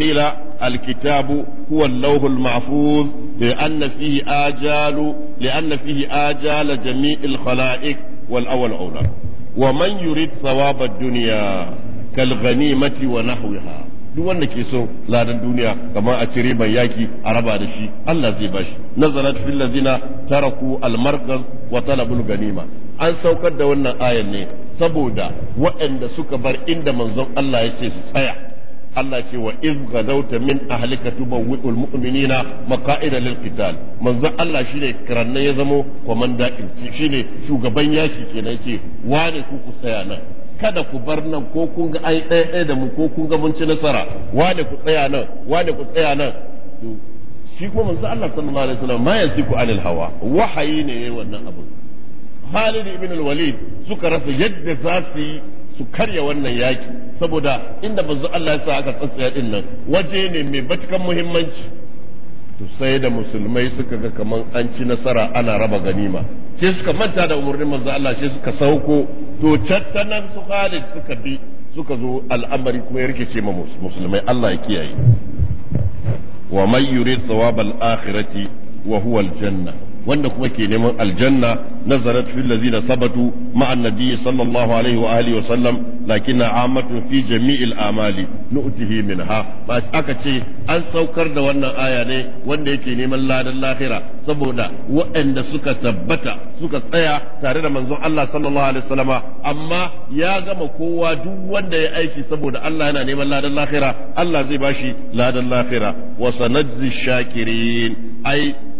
الكتاب هو اللوح المحفوظ لأن فيه آجال لأن فيه آجال جميع الخلائق والأول أولى ومن يريد ثواب الدنيا كالغنيمة ونحوها duk wanda ke so ladan duniya kamar a cire mai yaki a raba da shi Allah zai bashi nazarat fil ladina taraku al markaz wa talabul ganima an saukar da wannan ayan ne saboda waɗanda suka bar inda manzon Allah ya ce su tsaya Allah ce wa iz gadauta min ahlika tubawwi'ul mu'minina maqa'ida lil qital manzo Allah shine kiranne ya zamo komanda in shine shugaban yaki kenan ce wane ku ku tsaya nan kada ku bar nan ko kun ga ai ɗaya da mu ko kun ga mun ci nasara wane ku tsaya nan wane ku tsaya nan shi kuma manzo Allah sallallahu alaihi wasallam ma yantiku anil hawa wahayi ne wannan abu Khalid ibn al-Walid suka rasa yadda za su yi su karya wannan yaki saboda inda bazu Allah ya sa aka tsatsaya din nan waje ne mai batukan muhimmanci to sai da musulmai suka ga kaman an ci nasara ana raba ganima sai suka manta da umarnin manzo Allah sai suka sauko to cattanan su Khalid suka bi suka zo al'amari kuma ya rikice ma musulmai Allah ya kiyaye wa man yurid thawabal akhirati wa huwa al-janna wanda kuma ke neman aljanna nazarat fil ladina sabatu ma'an nabiy sallallahu alaihi wa alihi wa sallam lakinna amatun fi jami'il amali nu'tihi minha ba aka ce an saukar da wannan aya ne wanda yake neman ladan lahira saboda waɗanda suka tabbata suka tsaya tare da manzon Allah sallallahu alaihi wasallama amma ya gama kowa duk wanda ya aiki saboda Allah yana neman ladan lahira Allah zai bashi ladan lahira wa sanajzi shakirin ai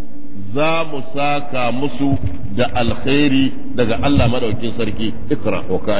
za mu saka musu da alkhairi daga Allah madaukin sarki ikra wa ka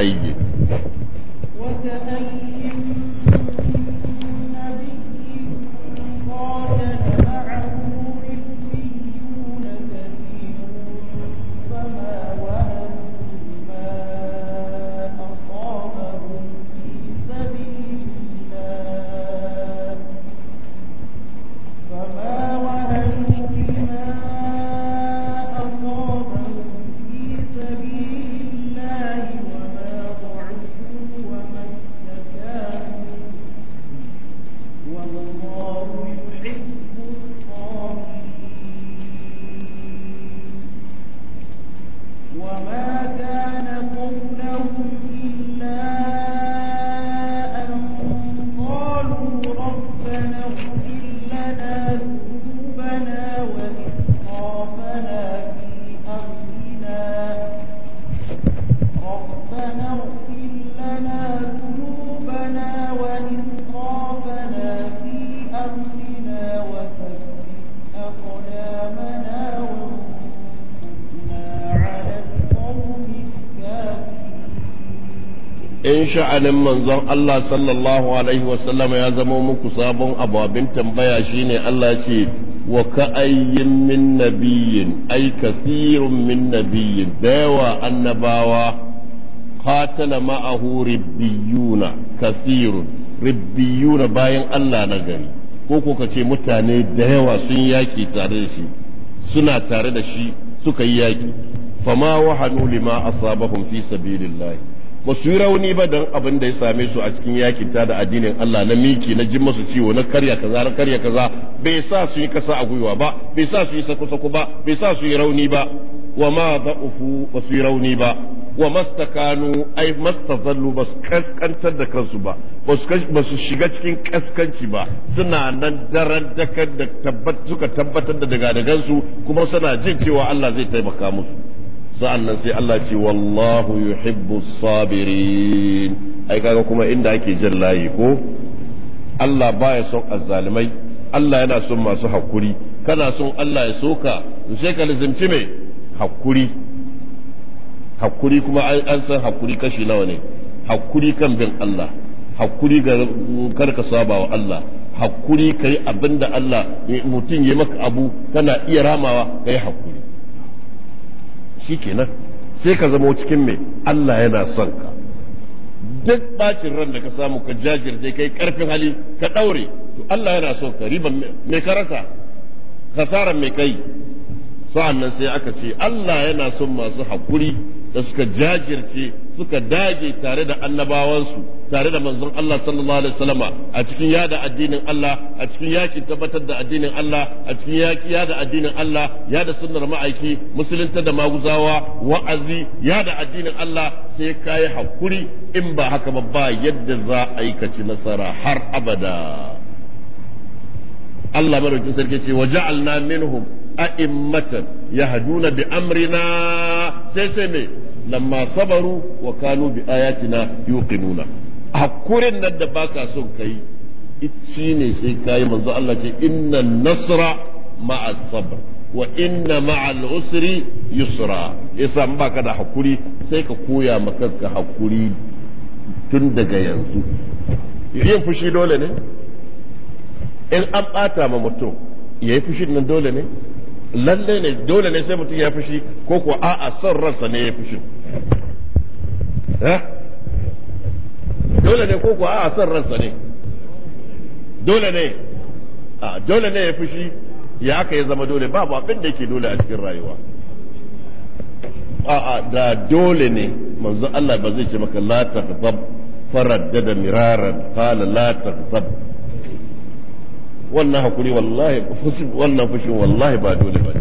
sha'anin manzon Allah sallallahu alaihi wasallam ya zama muku sabon ababin tambaya shine Allah ce wa ka'ayyin min nabiyyin ay kasirun min nabiyyin dawa annabawa qatala ma'ahu ribbiyuna kasirun ribbiyuna bayan Allah na gari ko ko kace mutane da yawa sun yaki tare da shi suna tare da shi suka yi yaki fama wahanu lima asabahum fi sabilillahi. ba su yi rauni ba don abin da ya same su a cikin yakin ta da addinin Allah na miki na jin masu ciwo na karya kaza na karya kaza bai sa su yi kasa a gwiwa ba bai sa su yi sako-sako ba bai sa su yi rauni ba wa ma ufu ba su yi rauni ba wa mastakanu ai mastazallu ba su kaskantar da kansu ba ba su shiga cikin kaskanci ba suna nan daren dakar da suka tabbatar da daga dagansu kuma suna jin cewa Allah zai taimaka musu sa'an nan sai Allah ce wallahu yuhibbu sabirin ai kaga kuma inda ake jan layi ko Allah baya son azzalimai Allah yana son masu hakuri kana son Allah ya soka sai ka lizimci mai hakuri hakuri kuma an san hakuri kashi nawa ne hakuri kan bin Allah hakuri ga ka saba wa Allah hakuri kai abinda Allah mutum ya maka abu kana iya ramawa kai hakuri shi kenan sai ka zama cikin mai Allah yana son ka duk bacin ran da ka samu ka jajirce kai karfin hali ka daure to Allah yana son ka riban me ka rasa kasaran me kai sa'an nan sai aka ce Allah yana son masu haƙuri da suka jajirce suka dage tare da annabawansu tare da manzon Allah sallallahu alaihi wasallama a cikin yada addinin Allah a cikin yakin tabbatar da addinin Allah a cikin yaki yada addinin Allah yada sunnar ma'aiki musulunta da maguzawa wa'azi yada addinin Allah sai kai haƙuri in ba haka ba ba yadda za a aikaci nasara har abada Allah madaukin sarki ce wa ja'alna minhum a'immatan yahduna bi amrina sai sai me lamma sabaru wa kanu bi ayatina yuqinuna hakurin nan da baka son kai shi ne sai kayi manzo Allah ce inna nasra ma'a sabr wa inna ma'a usri yusra yasa in baka da hakuri sai ka koya ma kanka hakuri tun daga yanzu yin fushi dole ne in an ɓata ma mutum yayi fushi fushin nan dole ne lalle ne dole ne sai mutum ya fushi ko ko a'a son ransa ne ya fushi dole ne ko ko a son ransa ne dole ne a dole ne ya fushi ya aka ya zama dole babu abin da yake dole a cikin rayuwa a'a da dole ne manzo Allah ba zai ce maka la taghdab faraddada miraran qala la taghdab wannan hakuri wallahi wannan fushin wallahi ba dole ba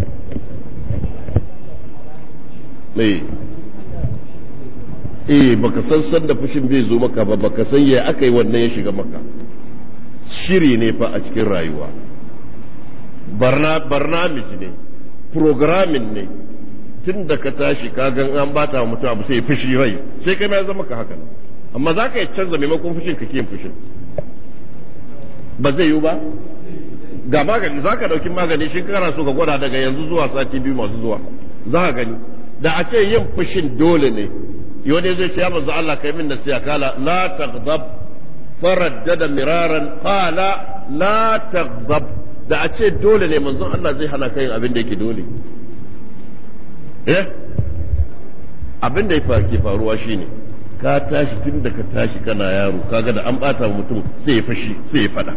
ne eh baka san sanda fushin bai zo maka ba baka san ya aka yi wannan ya shiga maka shiri ne fa a cikin rayuwa Barna barnamij ne programming ne tun da ka tashi ka gan an bata wa mutum abu sai fushi rai sai kai ma ya zama ka haka amma za ka yi canza maimakon fushin ka ke fushin ba zai yiwu ba ga magani za ka ɗauki magani shi kana so ka gwada daga yanzu zuwa sati biyu masu zuwa za ka gani da a ce yin fushin dole ne yone zai ce ya manzo Allah kai min nasiya kala la taghdab faraddada miraran kala la taghdab da a ce dole ne manzon Allah zai hana kai abin da yake dole eh abin da yake faruwa shine ka tashi tun da ka tashi kana yaro kaga da an bata mutum sai ya fashi sai ya fada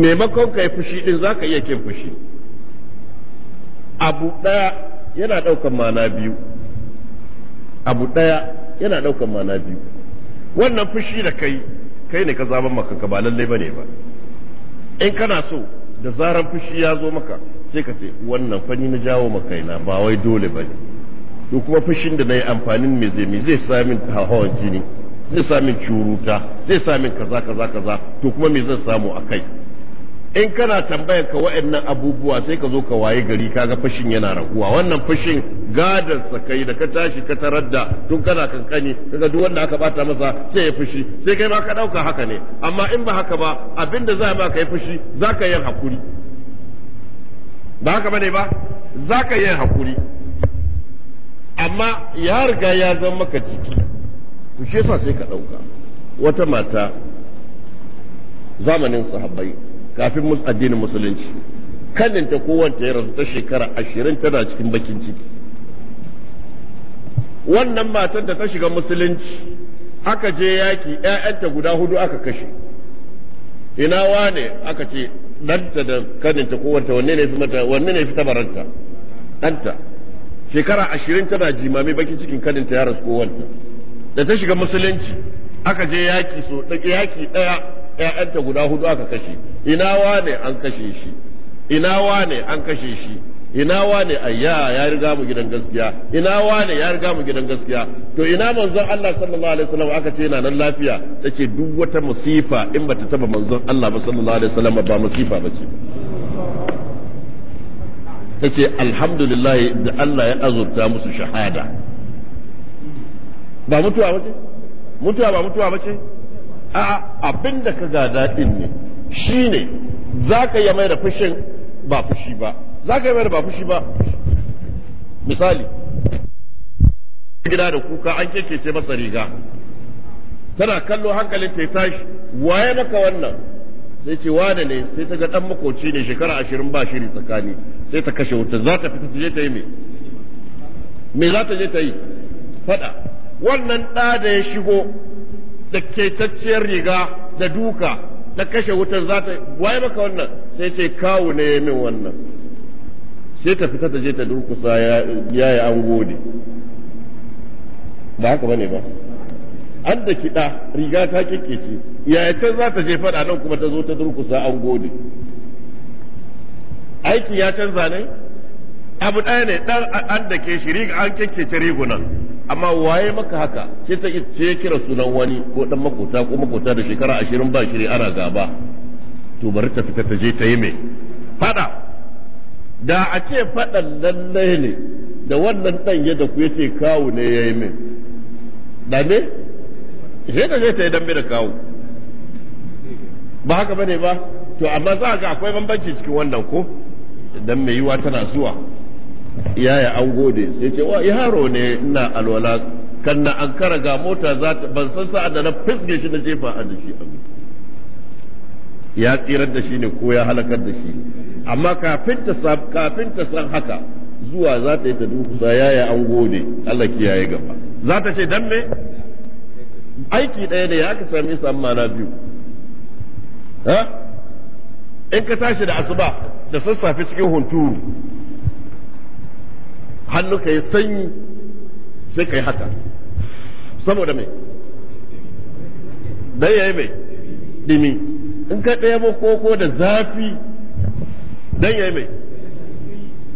maimakon yi fushi din ka iya kin fushi abu ɗaya yana ɗaukan mana biyu abu ɗaya yana ɗaukan mana biyu wannan fushi da kai kai ne ka zama maka ka ba lallai ne ba in kana so da zarar fushi ya zo maka sai ka ce wannan fani na jawo maka makaina ba wai dole ne to kuma fushin da na yi amfanin me zai me zai samin hawan jini zai samun curuta zai samin kaza kaza kaza to kuma me zan samu akai in kana tambayar ka wa'annan abubuwa sai ka zo ka waye gari kaga fashin yana raguwa wannan fashin gadar sa kai da ka tashi ka tarar tun kana kankani kaga duk wanda aka bata masa sai ya fushi sai kai ma ka dauka haka ne amma in ba haka ba abinda za ma kai fushi za ka yi hakuri ba haka bane ba za ka yi hakuri amma ya riga ya zama maka jiki to shi yasa sai ka ɗauka wata mata zamanin sahabbai kafin addinin musulunci kaninta kowanta ya rasu ta shekara ashirin tana cikin bakin ciki wannan matan da ta shiga musulunci aka je yaki ƴaƴanta guda hudu aka kashe ina wane aka ce ɗanta da kaninta kowanta wanne ne fi wanne ne fi tabaranta ɗanta shekara ashirin tana jimami bakin cikin kaninta ya rasu kowanta da ta shiga musulunci aka je yaki so yaki daya ƴaƴanta guda hudu aka kashe ina wane an kashe shi ina wane an kashe shi ina wane ayya ya riga mu gidan gaskiya ina wane ya riga mu gidan gaskiya to ina manzon Allah sallallahu alaihi wasallam aka ce yana nan lafiya tace duk wata musifa in bata taba manzon Allah ba sallallahu alaihi wasallam ba musifa bace tace alhamdulillah da Allah ya azurta musu shahada ba mutuwa ba ce mutuwa ba mutuwa ba ce a'a abin da ka ga daɗin ne shine ka yi mai da fushin ba fushi ba ka yi mai da ba fushi ba misali gida da kuka an kekece masa riga tana kallo hankalin ta tashi waye maka wannan sai ce wane ne sai ta ga dan makoci ne shekara ashirin ba shiri tsakani sai ta kashe wuta za ta fita ta je ta yi me me za ta je ta yi fada wannan ɗa da ya shigo da ketacciyar riga da duka da kashe wutar za ta waye maka wannan sai ce kawo ne ya min wannan sai ta fita ta je ta durkusa ya yi an gode ba haka bane ba an da kiɗa riga ta ce, yaya can za ta je faɗa nan kuma ta zo ta durkusa an gode aiki ya canza ne abu ɗaya ne ɗan an da ke shi riga an kyakkece rigunan amma waye maka haka sai ta ce kira sunan wani ko ɗan makota ko makota da shekara ashirin ba shiri ana gaba to bari ta fita ta je ta yi mai faɗa da a ce faɗan lallai ne da wannan ɗan ya da ku ya ce kawu ne ya yi mai da ne sai ta je ta yi dambe da kawu ba haka ba ne ba to amma za a ga akwai bambanci cikin wannan ko dan mai yiwa tana zuwa yaya an gode sai ce wa yaro ne ina alwala kan na an kara ga mota za ta ban san sa'a da na fisge shi na jefa a da shi abu ya tsirar da shi ne ko ya halakar da shi amma kafin ta san haka zuwa za ta yi ta ya yaya an gode Allah kiyaye gaba za ta ce dan me aiki ɗaya ne ya ka sami su mana biyu in ka tashi da asuba da sassafe cikin hunturu hannunka ya sanyi sai ka yi haka saboda mai dan yi mai dimi in ka ɗaya koko da zafi dan yi mai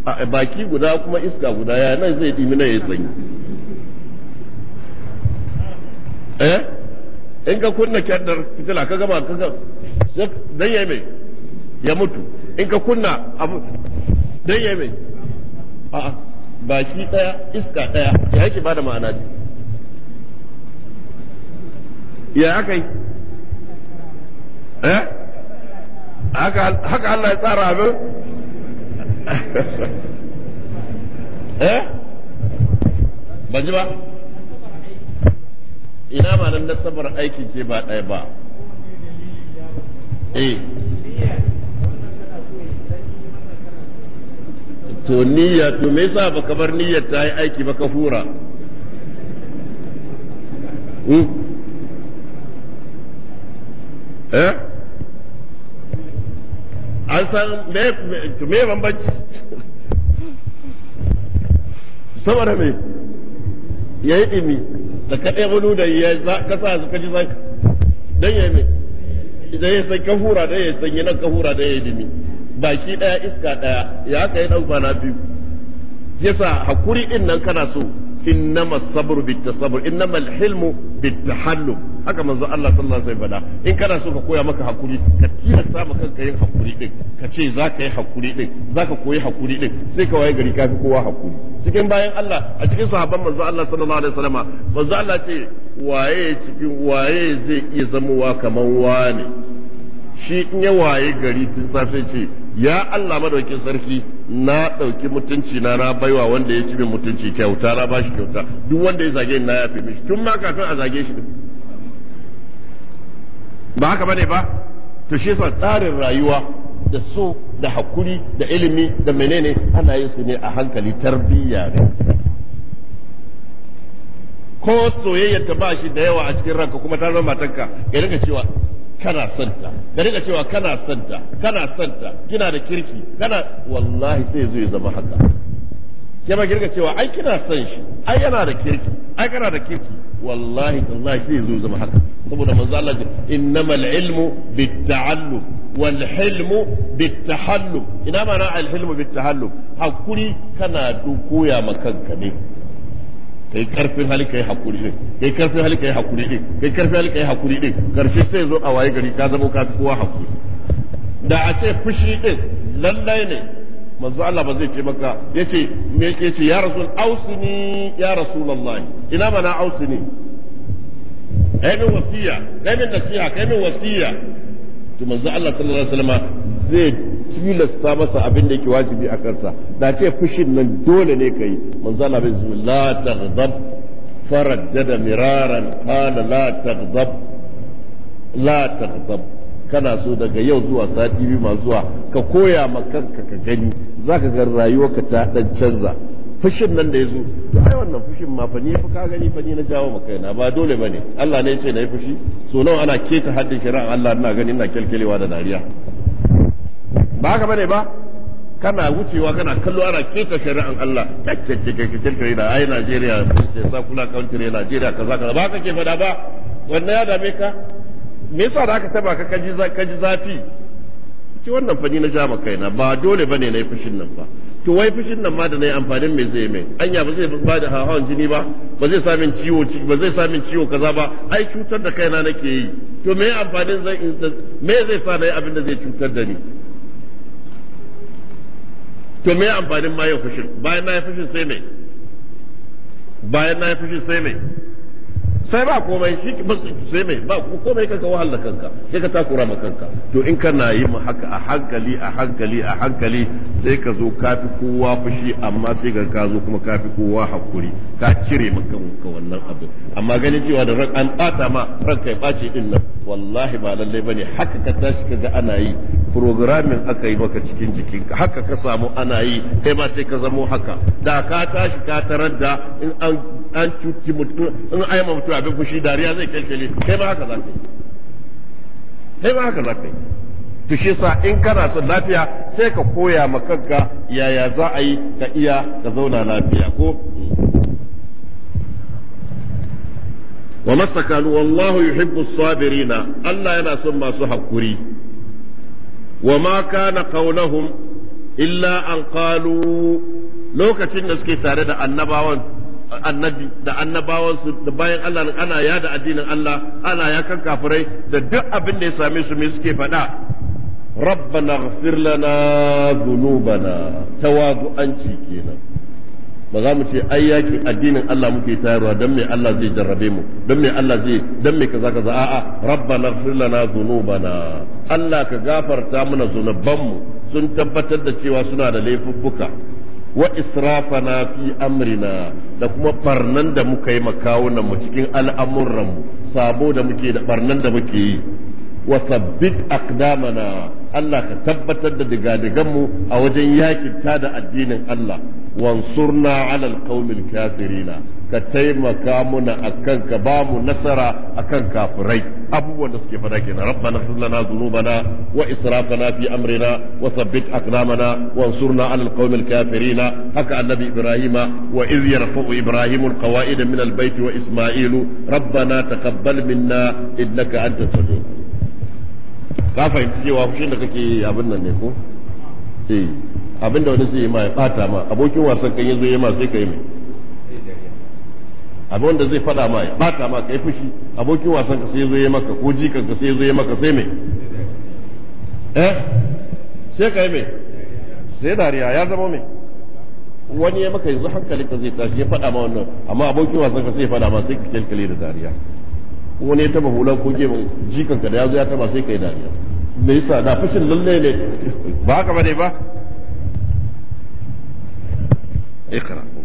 a baki guda kuma iska guda ya nan zai dimi na ya sanyi eh in ka kunna kyandar fitila ka gaba ka dan yi mai ya mutu in ka kunna abu dan yi mai a'a baki daya iska daya ya yake bada ma'ana ya aka yi eh haka Allah ya tsara abin eh ban ji ba ina ma nan sabar aikin ke ba ɗaya ba eh to niyya to me yasa baka bar niyyar ta yi aiki ba ka hura hmm? eh an san me me bambanci saboda me yayi dimi da ka ɗaya wani da ya sa su kaji zai dan yayi me idan ya san ka fura da ya sanyi nan ka fura da ya yi dimi baki ɗaya iska ɗaya ya kai ɗauka na biyu yasa hakuri din nan kana so innama sabru bitasabr innama alhilmu tahallu haka manzo Allah sallallahu alaihi wasallam in kana so ka koya maka hakuri ka tilasta maka kanka yin hakuri din ka ce za ka yi hakuri din za ka koyi hakuri din sai ka waye gari ka fi kowa hakuri cikin bayan Allah a cikin sahabban manzo Allah sallallahu alaihi wasallam manzo Allah ce waye cikin waye zai iya zamowa kaman wani shi in ya waye gari tun safe ce ya Allah madaukin sarki na ɗauki mutunci na na baiwa wanda ya ci min mutunci kyauta na bashi kyauta duk wanda ya zage na yafe mishi tun ma kafin a zage shi ba haka bane ba to shi yasa tsarin rayuwa da so da hakuri da ilimi da menene ana yin su ne a hankali tarbiyya ne ko soyayya ta bashi da yawa a cikin ranka kuma ta zama matanka ka cewa kana santa da rika cewa kana santa kana santa kina da kirki kana wallahi sai zai zama haka ke ba kirka cewa ai kina san shi ai yana da kirki ai kana da kirki wallahi tallahi sai zai zama haka saboda manzo Allah ce innamal ilmu bitta'allum wal hilmu bittahallum ina ma ma'ana al hilmu bittahallum hakuri kana koya ma kanka ne kai karfin hali kai hakuri din kai karfin hali kai hakuri din kai karfin hali kai hakuri din karshe sai zo a waye gari ka zama ka kowa hakuri da a ce fushi din lallai ne manzo Allah ba zai ce maka yace me ce ya rasul ausini ya rasulullah ina mana ausini kai min wasiya kai min nasiha kai min wasiya to manzo Allah sallallahu alaihi wasallam zai tilasta masa abin da yake wajibi a kansa da ce fushin nan dole ne kai manzo Allah bai zuwa la taghzab faraddada miraran qala la taghzab la taghzab kana so daga yau zuwa sati biyu masu zuwa ka koya ma kanka ka gani zaka ga rayuwarka ta dan canza fushin nan da ya zo to ai wannan fushin ma fa ni fa ka gani fa ni na jawo maka yana ba dole bane Allah ne ya ce na yi fushi so nawa ana keta haddin shari'a Allah ina gani ina kelkelewa da dariya ba haka bane ba kana wucewa kana kallo ana keta shari'an Allah kakkakkakkakkakkai da ai Najeriya sai sa kula country Najeriya kaza kaza ba ke faɗa ba wannan ya dame ka me yasa da aka taba ka kaji kaji zafi ki wannan fani na ja maka kaina ba dole bane nayi fushin nan ba to wai fushin nan ma da nayi amfanin me zai mai anya ba zai ba da hawan jini ba ba zai samin ciwo ba zai samin ciwo kaza ba ai cutar da kaina nake yi to me amfanin zai me zai sa nayi abin da zai cutar da ni to me amfanin ma fushin bayan na yi fushin sai me bayan na yi fushin sai me sai ba komai shi ba sai mai ba komai kanka wahal kanka sai ka takura ma kanka to in kana yi mu haka a hankali a hankali a hankali sai ka zo ka fi kowa fushi amma sai ka ka zo kuma ka fi kowa hakuri ka cire maka ka wannan abin amma ganin cewa da ran an bata ma ranka ya bace din nan wallahi ba lallai bane haka ka tashi ka ga ana yi programming aka yi maka cikin jikinka haka ka samu ana yi kai ma sai ka zamo haka da ka tashi ka tarar da in an cuci mutum in ayyama mutum abin fushi dariya zai kyalkyale kai ma haka za ka yi kai ma haka za ka yi to shi sa in kana son lafiya sai ka koya ma kanka yaya za a yi ka iya ka zauna lafiya ko wa masakalu wallahu yuhibbu sabirina Allah yana son masu hakuri wa ma kana qaulahum illa an qalu lokacin da suke tare da annabawan annabi da annabawansu da bayan Allah ana da addinin Allah ana ya kan kafirai da duk abin da ya same su me suke faɗa rabbana ighfir lana dhunubana tawadu'anci kenan ba za mu ce ai yaki addinin Allah muke tayarwa dan me Allah zai jarrabe mu dan me Allah zai dan me kaza kaza a'a rabbana ighfir lana dhunubana Allah ka gafarta mana zunubanmu sun tabbatar da cewa suna da laifuffuka wa israfana fi amrina da kuma barnan da muka yi makawunan mu cikin al'amuran mu sabo da muke da barnan da muke yi wa sabbit aqdamana Allah ka tabbatar da digadigan mu a wajen yakin ta da addinin Allah wansurna ala kaumin kafirina ka taimaka muna akan ka ba mu nasara a akan kafirai abubuwan da suke fada kenan na fir lana dhunubana wa israfana fi amrina wa thabbit aqdamana wansurna 'ala alqawmil kafirin haka annabi ibrahima wa idh yarfa'u ibrahimu alqawa'id min albayt wa isma'ilu rabbana taqabbal minna innaka antas samiu ka fahimci cewa fushin da kake abin nan ne ko eh abin da wani zai yi ma ya bata ma abokin wasan kan yazo yayi ma sai ka yi mai abin wanda zai fada ma ba ta ma kai fushi abokin wasan ka sai zo ya maka ko jikan ka sai zo ya maka sai me eh sai kai me sai dariya ya zama me wani ya maka yanzu hankali ka zai tashi ya fada ma wannan amma abokin wasan ka sai fada ma sai ka kalkale da dariya wani ya taba hulan ko gefen jikan ka da ya zo ya taba sai kai dariya me yasa da fushin lalle ne ba haka bane ba ikra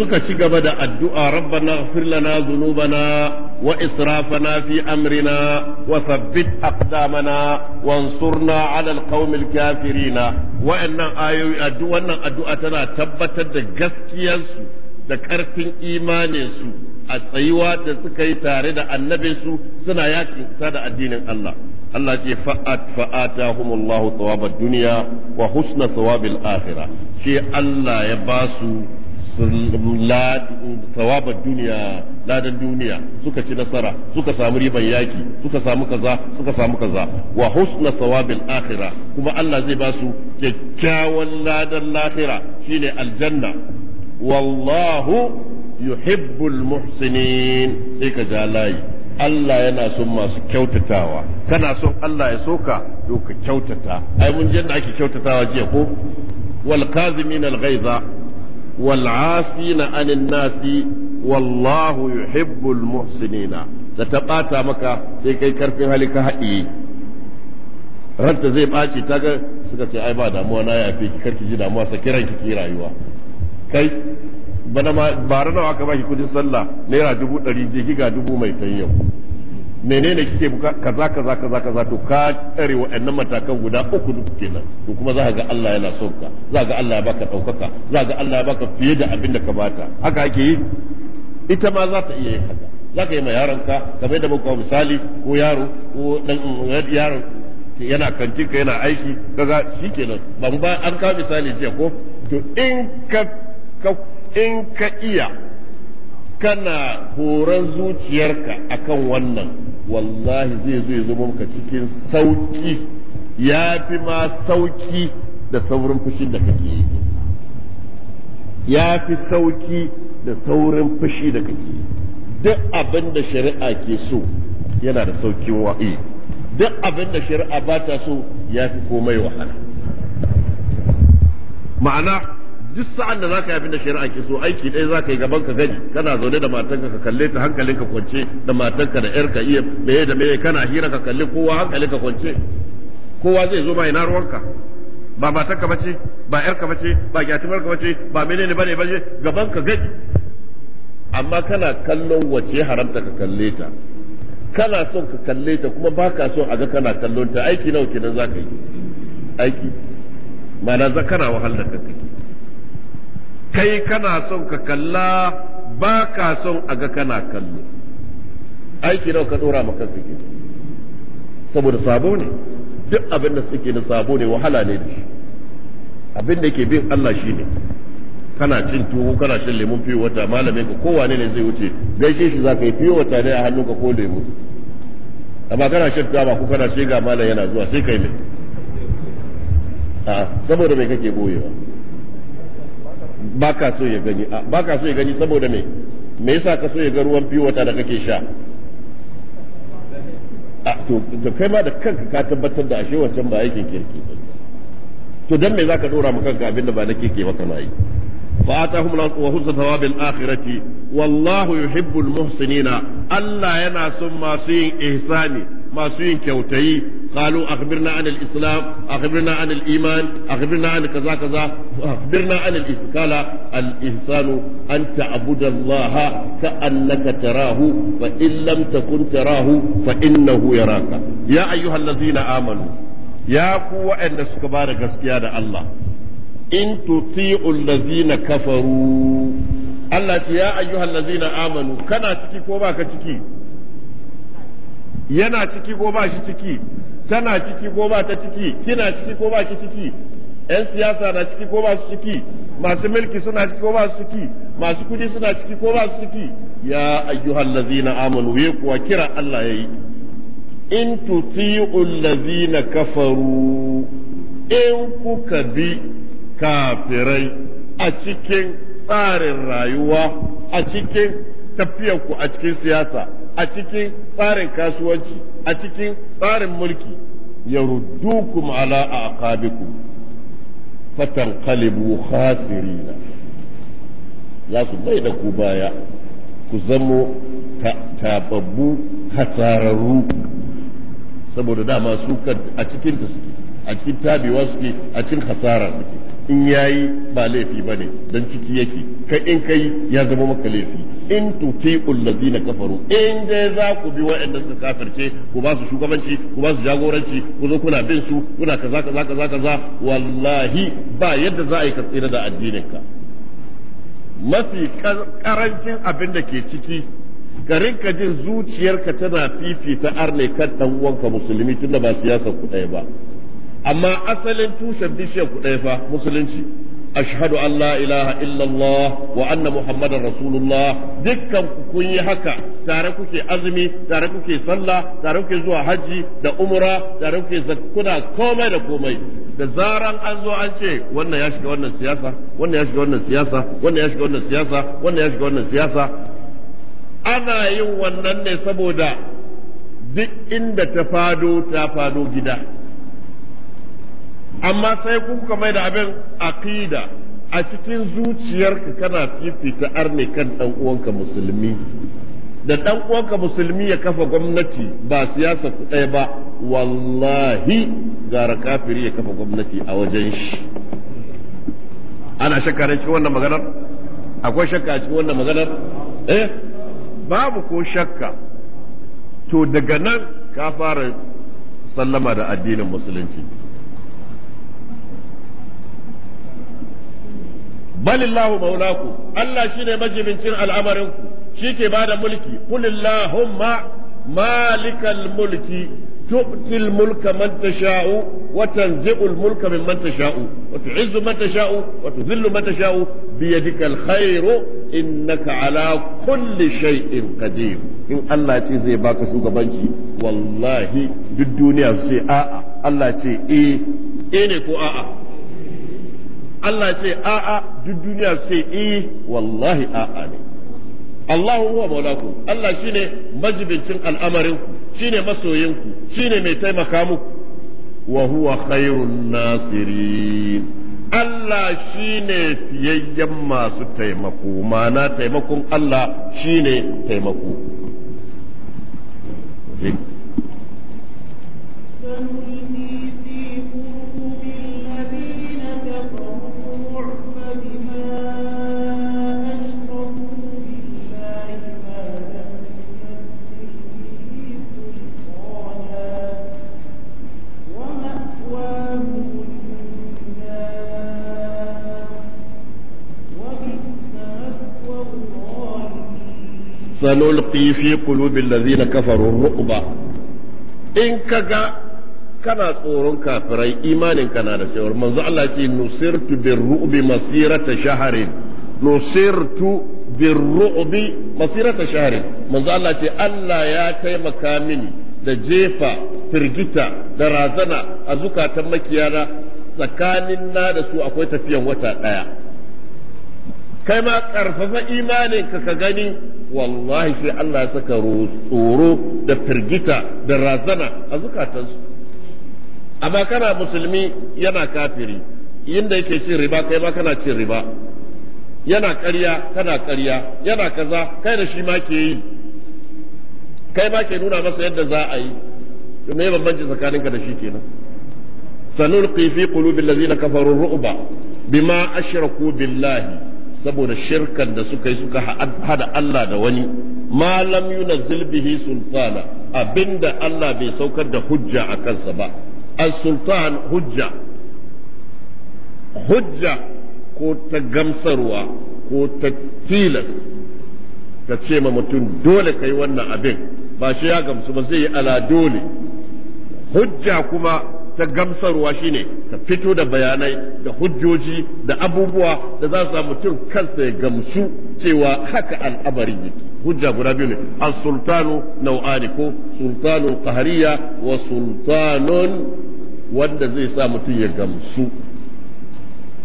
suka ci gaba da addu'a rabbana ighfir lana wa israfana fi amrina wa thabbit aqdamana wansurna 'ala alqaumil kafirin wa'annan ayoyi addu'a wannan addu'a tana tabbatar da gaskiyarsu da karfin imanin su a tsayuwa da suka yi tare da annabinsu suna yakin sa da addinin Allah Allah ce fa'at fa'atahumullahu thawabad dunya wa husna thawabil akhirah shi Allah ya basu tawabar duniya ladan duniya suka ci nasara suka samu riban yaki suka samu kaza suka samu kaza wa husna tawabil akhira kuma Allah zai ba su kyakkyawan ladan lahira shine aljanna wallahu yuhibbul muhsinin sai ka ja layi Allah yana son masu kyautatawa kana son Allah ya soka to ka kyautata ai mun je ake kyautatawa jiya ko wal kazimin al والعافين عن الناس wallahu yuhibbul المحسنين da ta ɓata maka sai kai karfin hali ka haɗiye ranta zai ɓaci ta ga suka ce ai ba damuwa na yafe ki karki ji damuwa sa kiran ki rayuwa kai bana ma bara nawa aka baki kudin sallah naira dubu ɗari je giga ga dubu mai tan yau menene kike kaza kaza kaza kaza to ka tsare waɗannan matakan guda uku duk kenan to kuma za ga Allah yana son ka za ga Allah ya baka ɗaukaka za ga Allah ya baka fiye da abin da ka bata haka ake yi ita ma za ta iya yin haka za ka yi ma yaronka kamar da muka misali ko yaro ko dan yaro yana kanti ka yana aiki kaga kenan ba mu ba an kawo misali jiya ko to in ka in ka iya kana horon zuciyarka akan wannan wallahi zai zo ya zama maka cikin sauki ya fi ma sauki da saurin fushin da kake yi ya fi sauki da saurin fushi da kake yi duk abin da shari'a ke so yana da saukin wa'i duk abin da shari'a ba ta so ya fi komai wahala ma'ana duk sa'an da zaka yafi da shari'a ke so aiki ɗaya zaka yi gaban ka gani kana zaune da matanka ka kalle ta hankalin ka kwance da matanka da yar ka iya meye da meye kana hira ka kalle kowa hankalin ka kwance kowa zai zo ma ina ruwanka ba matanka bace ba yar ka bace ba gyatimar ka bace ba menene bane bace gaban ka gani amma kana kallon wace haramta ka kalle ta kana son ka kalle ta kuma baka son a ga kana kallon ta aiki nawa kenan zaka yi aiki ma'ana zakara wahal da kanka kai kana son ka kalla ba ka son a ga kana kallo aiki nawa ka dora maka kake saboda sabo ne duk abin da suke na sabo ne wahala ne da shi abin da ke bin Allah shi ne kana cin tuwo kana shan lemon fiye wata malamin ka kowane ne zai wuce gaishe shi za ka yi fiye wata ne a hannunka ko lemu amma kana shan ba ko kana shiga malam yana zuwa sai kai ne a saboda mai kake boyewa ba ka so ya gani ba ka so ya gani saboda me me yasa ka so ya ga ruwan biyu wata da kake sha a to da kai ma da kanka ka tabbatar da ashe wancan ba aikin kirki ba to dan me zaka dora mu kanka abinda ba nake ke maka mai fa atahum wa husna thawabil akhirati wallahu yuhibbul muhsinina Allah yana son masu yin ihsani masu yin kyautayi qalu akhbirna anil islam akhbirna anil iman akhbirna an kaza kaza akhbirna anil iskala al insanu an ta'budu Allah ka'annaka tarahu fa in lam takun tarahu fa innahu yaraka ya ayyuhallazina amanu ya ku waɗanda suka ba da gaskiya da Allah in tuti'ul ladzina kafaru Allah ce ya ayyuhal ladzina amanu kana ciki ko baka ciki yana ciki ko ba shi ciki tana ciki ko ba ta ciki kina ciki ko ba ki ciki yan siyasa na ciki ko ba su ciki masu mulki suna ciki ko ba su ciki masu kudi suna ciki ko ba su ciki ya ayyuhal ladzina amanu ya kuwa kira Allah yayi in tuti'u allazina kafaru in kuka bi kafirai a cikin tsarin rayuwa a cikin tafiyarku a cikin siyasa a cikin tsarin kasuwanci a cikin tsarin mulki ya ruddukum ala akabiku, fatanqalibu khasirina za su bai da ku baya ku zamo tababbu hasararru saboda dama su a cikin a cikin tabewa suke a cikin hasara suke in yi ba laifi ba ne don ciki yake kai in kai ya zama maka laifi in ullazi na kafaru in dai za ku bi wa'anda suka kafirce ku ba su shugabanci ku ba su jagoranci ku zo kuna bin su kuna kaza kaza kaza kaza wallahi ba yadda za a yi ka da da addininka mafi karancin abin da ke ciki ka jin zuciyarka tana fifita arne kan dan uwanka musulmi tunda ba siyasa ku ɗaya ba amma asalin tushen bishiyar ku ɗaya fa musulunci ashhadu an la ilaha illallah wa anna muhammadan rasulullah dukkan ku kun yi haka tare kuke azumi tare kuke sallah tare kuke zuwa haji da umra tare kuke zakuna komai da komai da zaran an zo an ce wannan ya shiga wannan siyasa wannan ya shiga wannan siyasa wannan ya shiga wannan siyasa wannan ya shiga wannan siyasa ana yin wannan ne saboda duk inda ta fado ta fado gida amma sai ku kuka mai da abin aqida a cikin zuciyarka kana fifita arne kan dan uwanka musulmi da dan uwanka musulmi ya kafa gwamnati ba siyasa ku ɗaya ba wallahi gara kafiri ya kafa gwamnati a wajen shi ana shakka ne cikin wannan maganar akwai shakka cikin wannan maganar eh babu ko shakka to daga nan ka fara sallama da addinin musulunci balillahu maulaku Allah shine majibincin al'amarinku shike bada mulki kulillahumma malikal mulki تؤتي الملك من تشاء وتنزع الملك ممن تشاء وتعز من تشاء وتذل من تشاء بيدك الخير إنك على كل شيء قدير إن الله تيزي باك شوغبانشي والله بالدنيا سي آآ الله تي إيه إيه كو آآ Allah ce a'a duk duniya ce eh wallahi a'a ne Allahu huwa maulakum Allah shine majibincin al'amarin ku shine masoyin ku shine mai taimaka muku wa huwa khairun nasirin Allah shine fiyayyen masu taimako mana taimakon Allah shine taimako sanulqi fi qulubi ladzina kafaru ru'ba in kaga kana tsoron kafirai imanin kana da cewar manzo Allah ce nusirtu birru'bi masirata shahrin nusirtu birru'bi masirata shahrin manzo Allah ce Allah ya taimaka mini da jefa firgita da razana a zukatan makiyana tsakanin na da su akwai tafiyan wata daya kai ma karfafa imanin ka ka gani wallahi sai Allah ya saka tsoro da firgita da razana a zukatansu amma kana musulmi yana kafiri inda yake cin riba kai ma kana cin riba yana ƙarya kana ƙarya yana kaza kai da shi ma ke yi kai ma ke nuna masa yadda za a yi to me bambanci tsakaninka da shi kenan sanulqi fi qulubi allazina kafaru ru'ba bima ashraku billahi saboda shirkan da suka yi suka hada Allah da wani ma lam yunazzil bihi sultana abinda Allah bai saukar da hujja a kansa ba as-sultan hujja hujja ko ta gamsarwa ko ta tilas ta ce ma mutum dole kai wannan abin ba shi ya gamsu ba zai yi ala dole hujja kuma ta gamsarwa shine ta fito da bayanai da hujjoji da abubuwa da za su mutum kansa ya gamsu cewa haka al'amari ne. hujja guda biyu ne as-sultanu nau'ani ko sultanu qahariya wa sultanun wanda zai sa mutum ya gamsu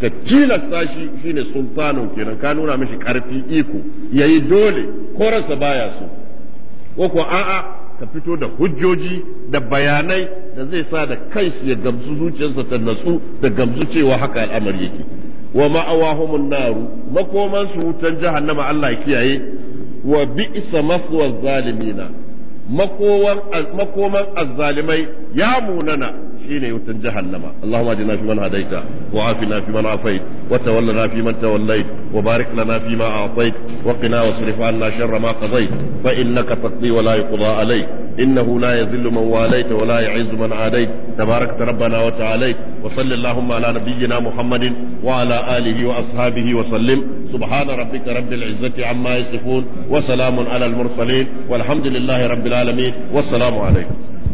ka tilasta shi shine sultanun kenan ka nuna mishi karfi iko yayi dole ko rasa baya so ko ko a'a ka fito da hujjoji da bayanai da zai sa da kanshi ya gamsu zuciyarsa ta natsu da gamsu cewa haka al'amari yake wa ma'awahumun naru makoman su wutan jahannama Allah ya kiyaye wa bi'sa maswa zalimina makoman azzalimai ya munana shine wutan jahannama Allahumma ajina fi man hadaita wa afina fi man afait wa tawallana fi man tawallait wa barik lana fi ma a'tait wa qina wasrif anna sharra ma qadait fa innaka taqdi wa la yuqda alayk innahu la yadhillu man walayta wa la yu'izzu man adait tabarakta rabbana wa ta'alayk wa salli Allahumma ala nabiyyina Muhammadin wa alihi wa ashabihi wa sallim سبحان ربك رب العزة عما يصفون وسلام على المرسلين والحمد لله رب العالمين والسلام عليكم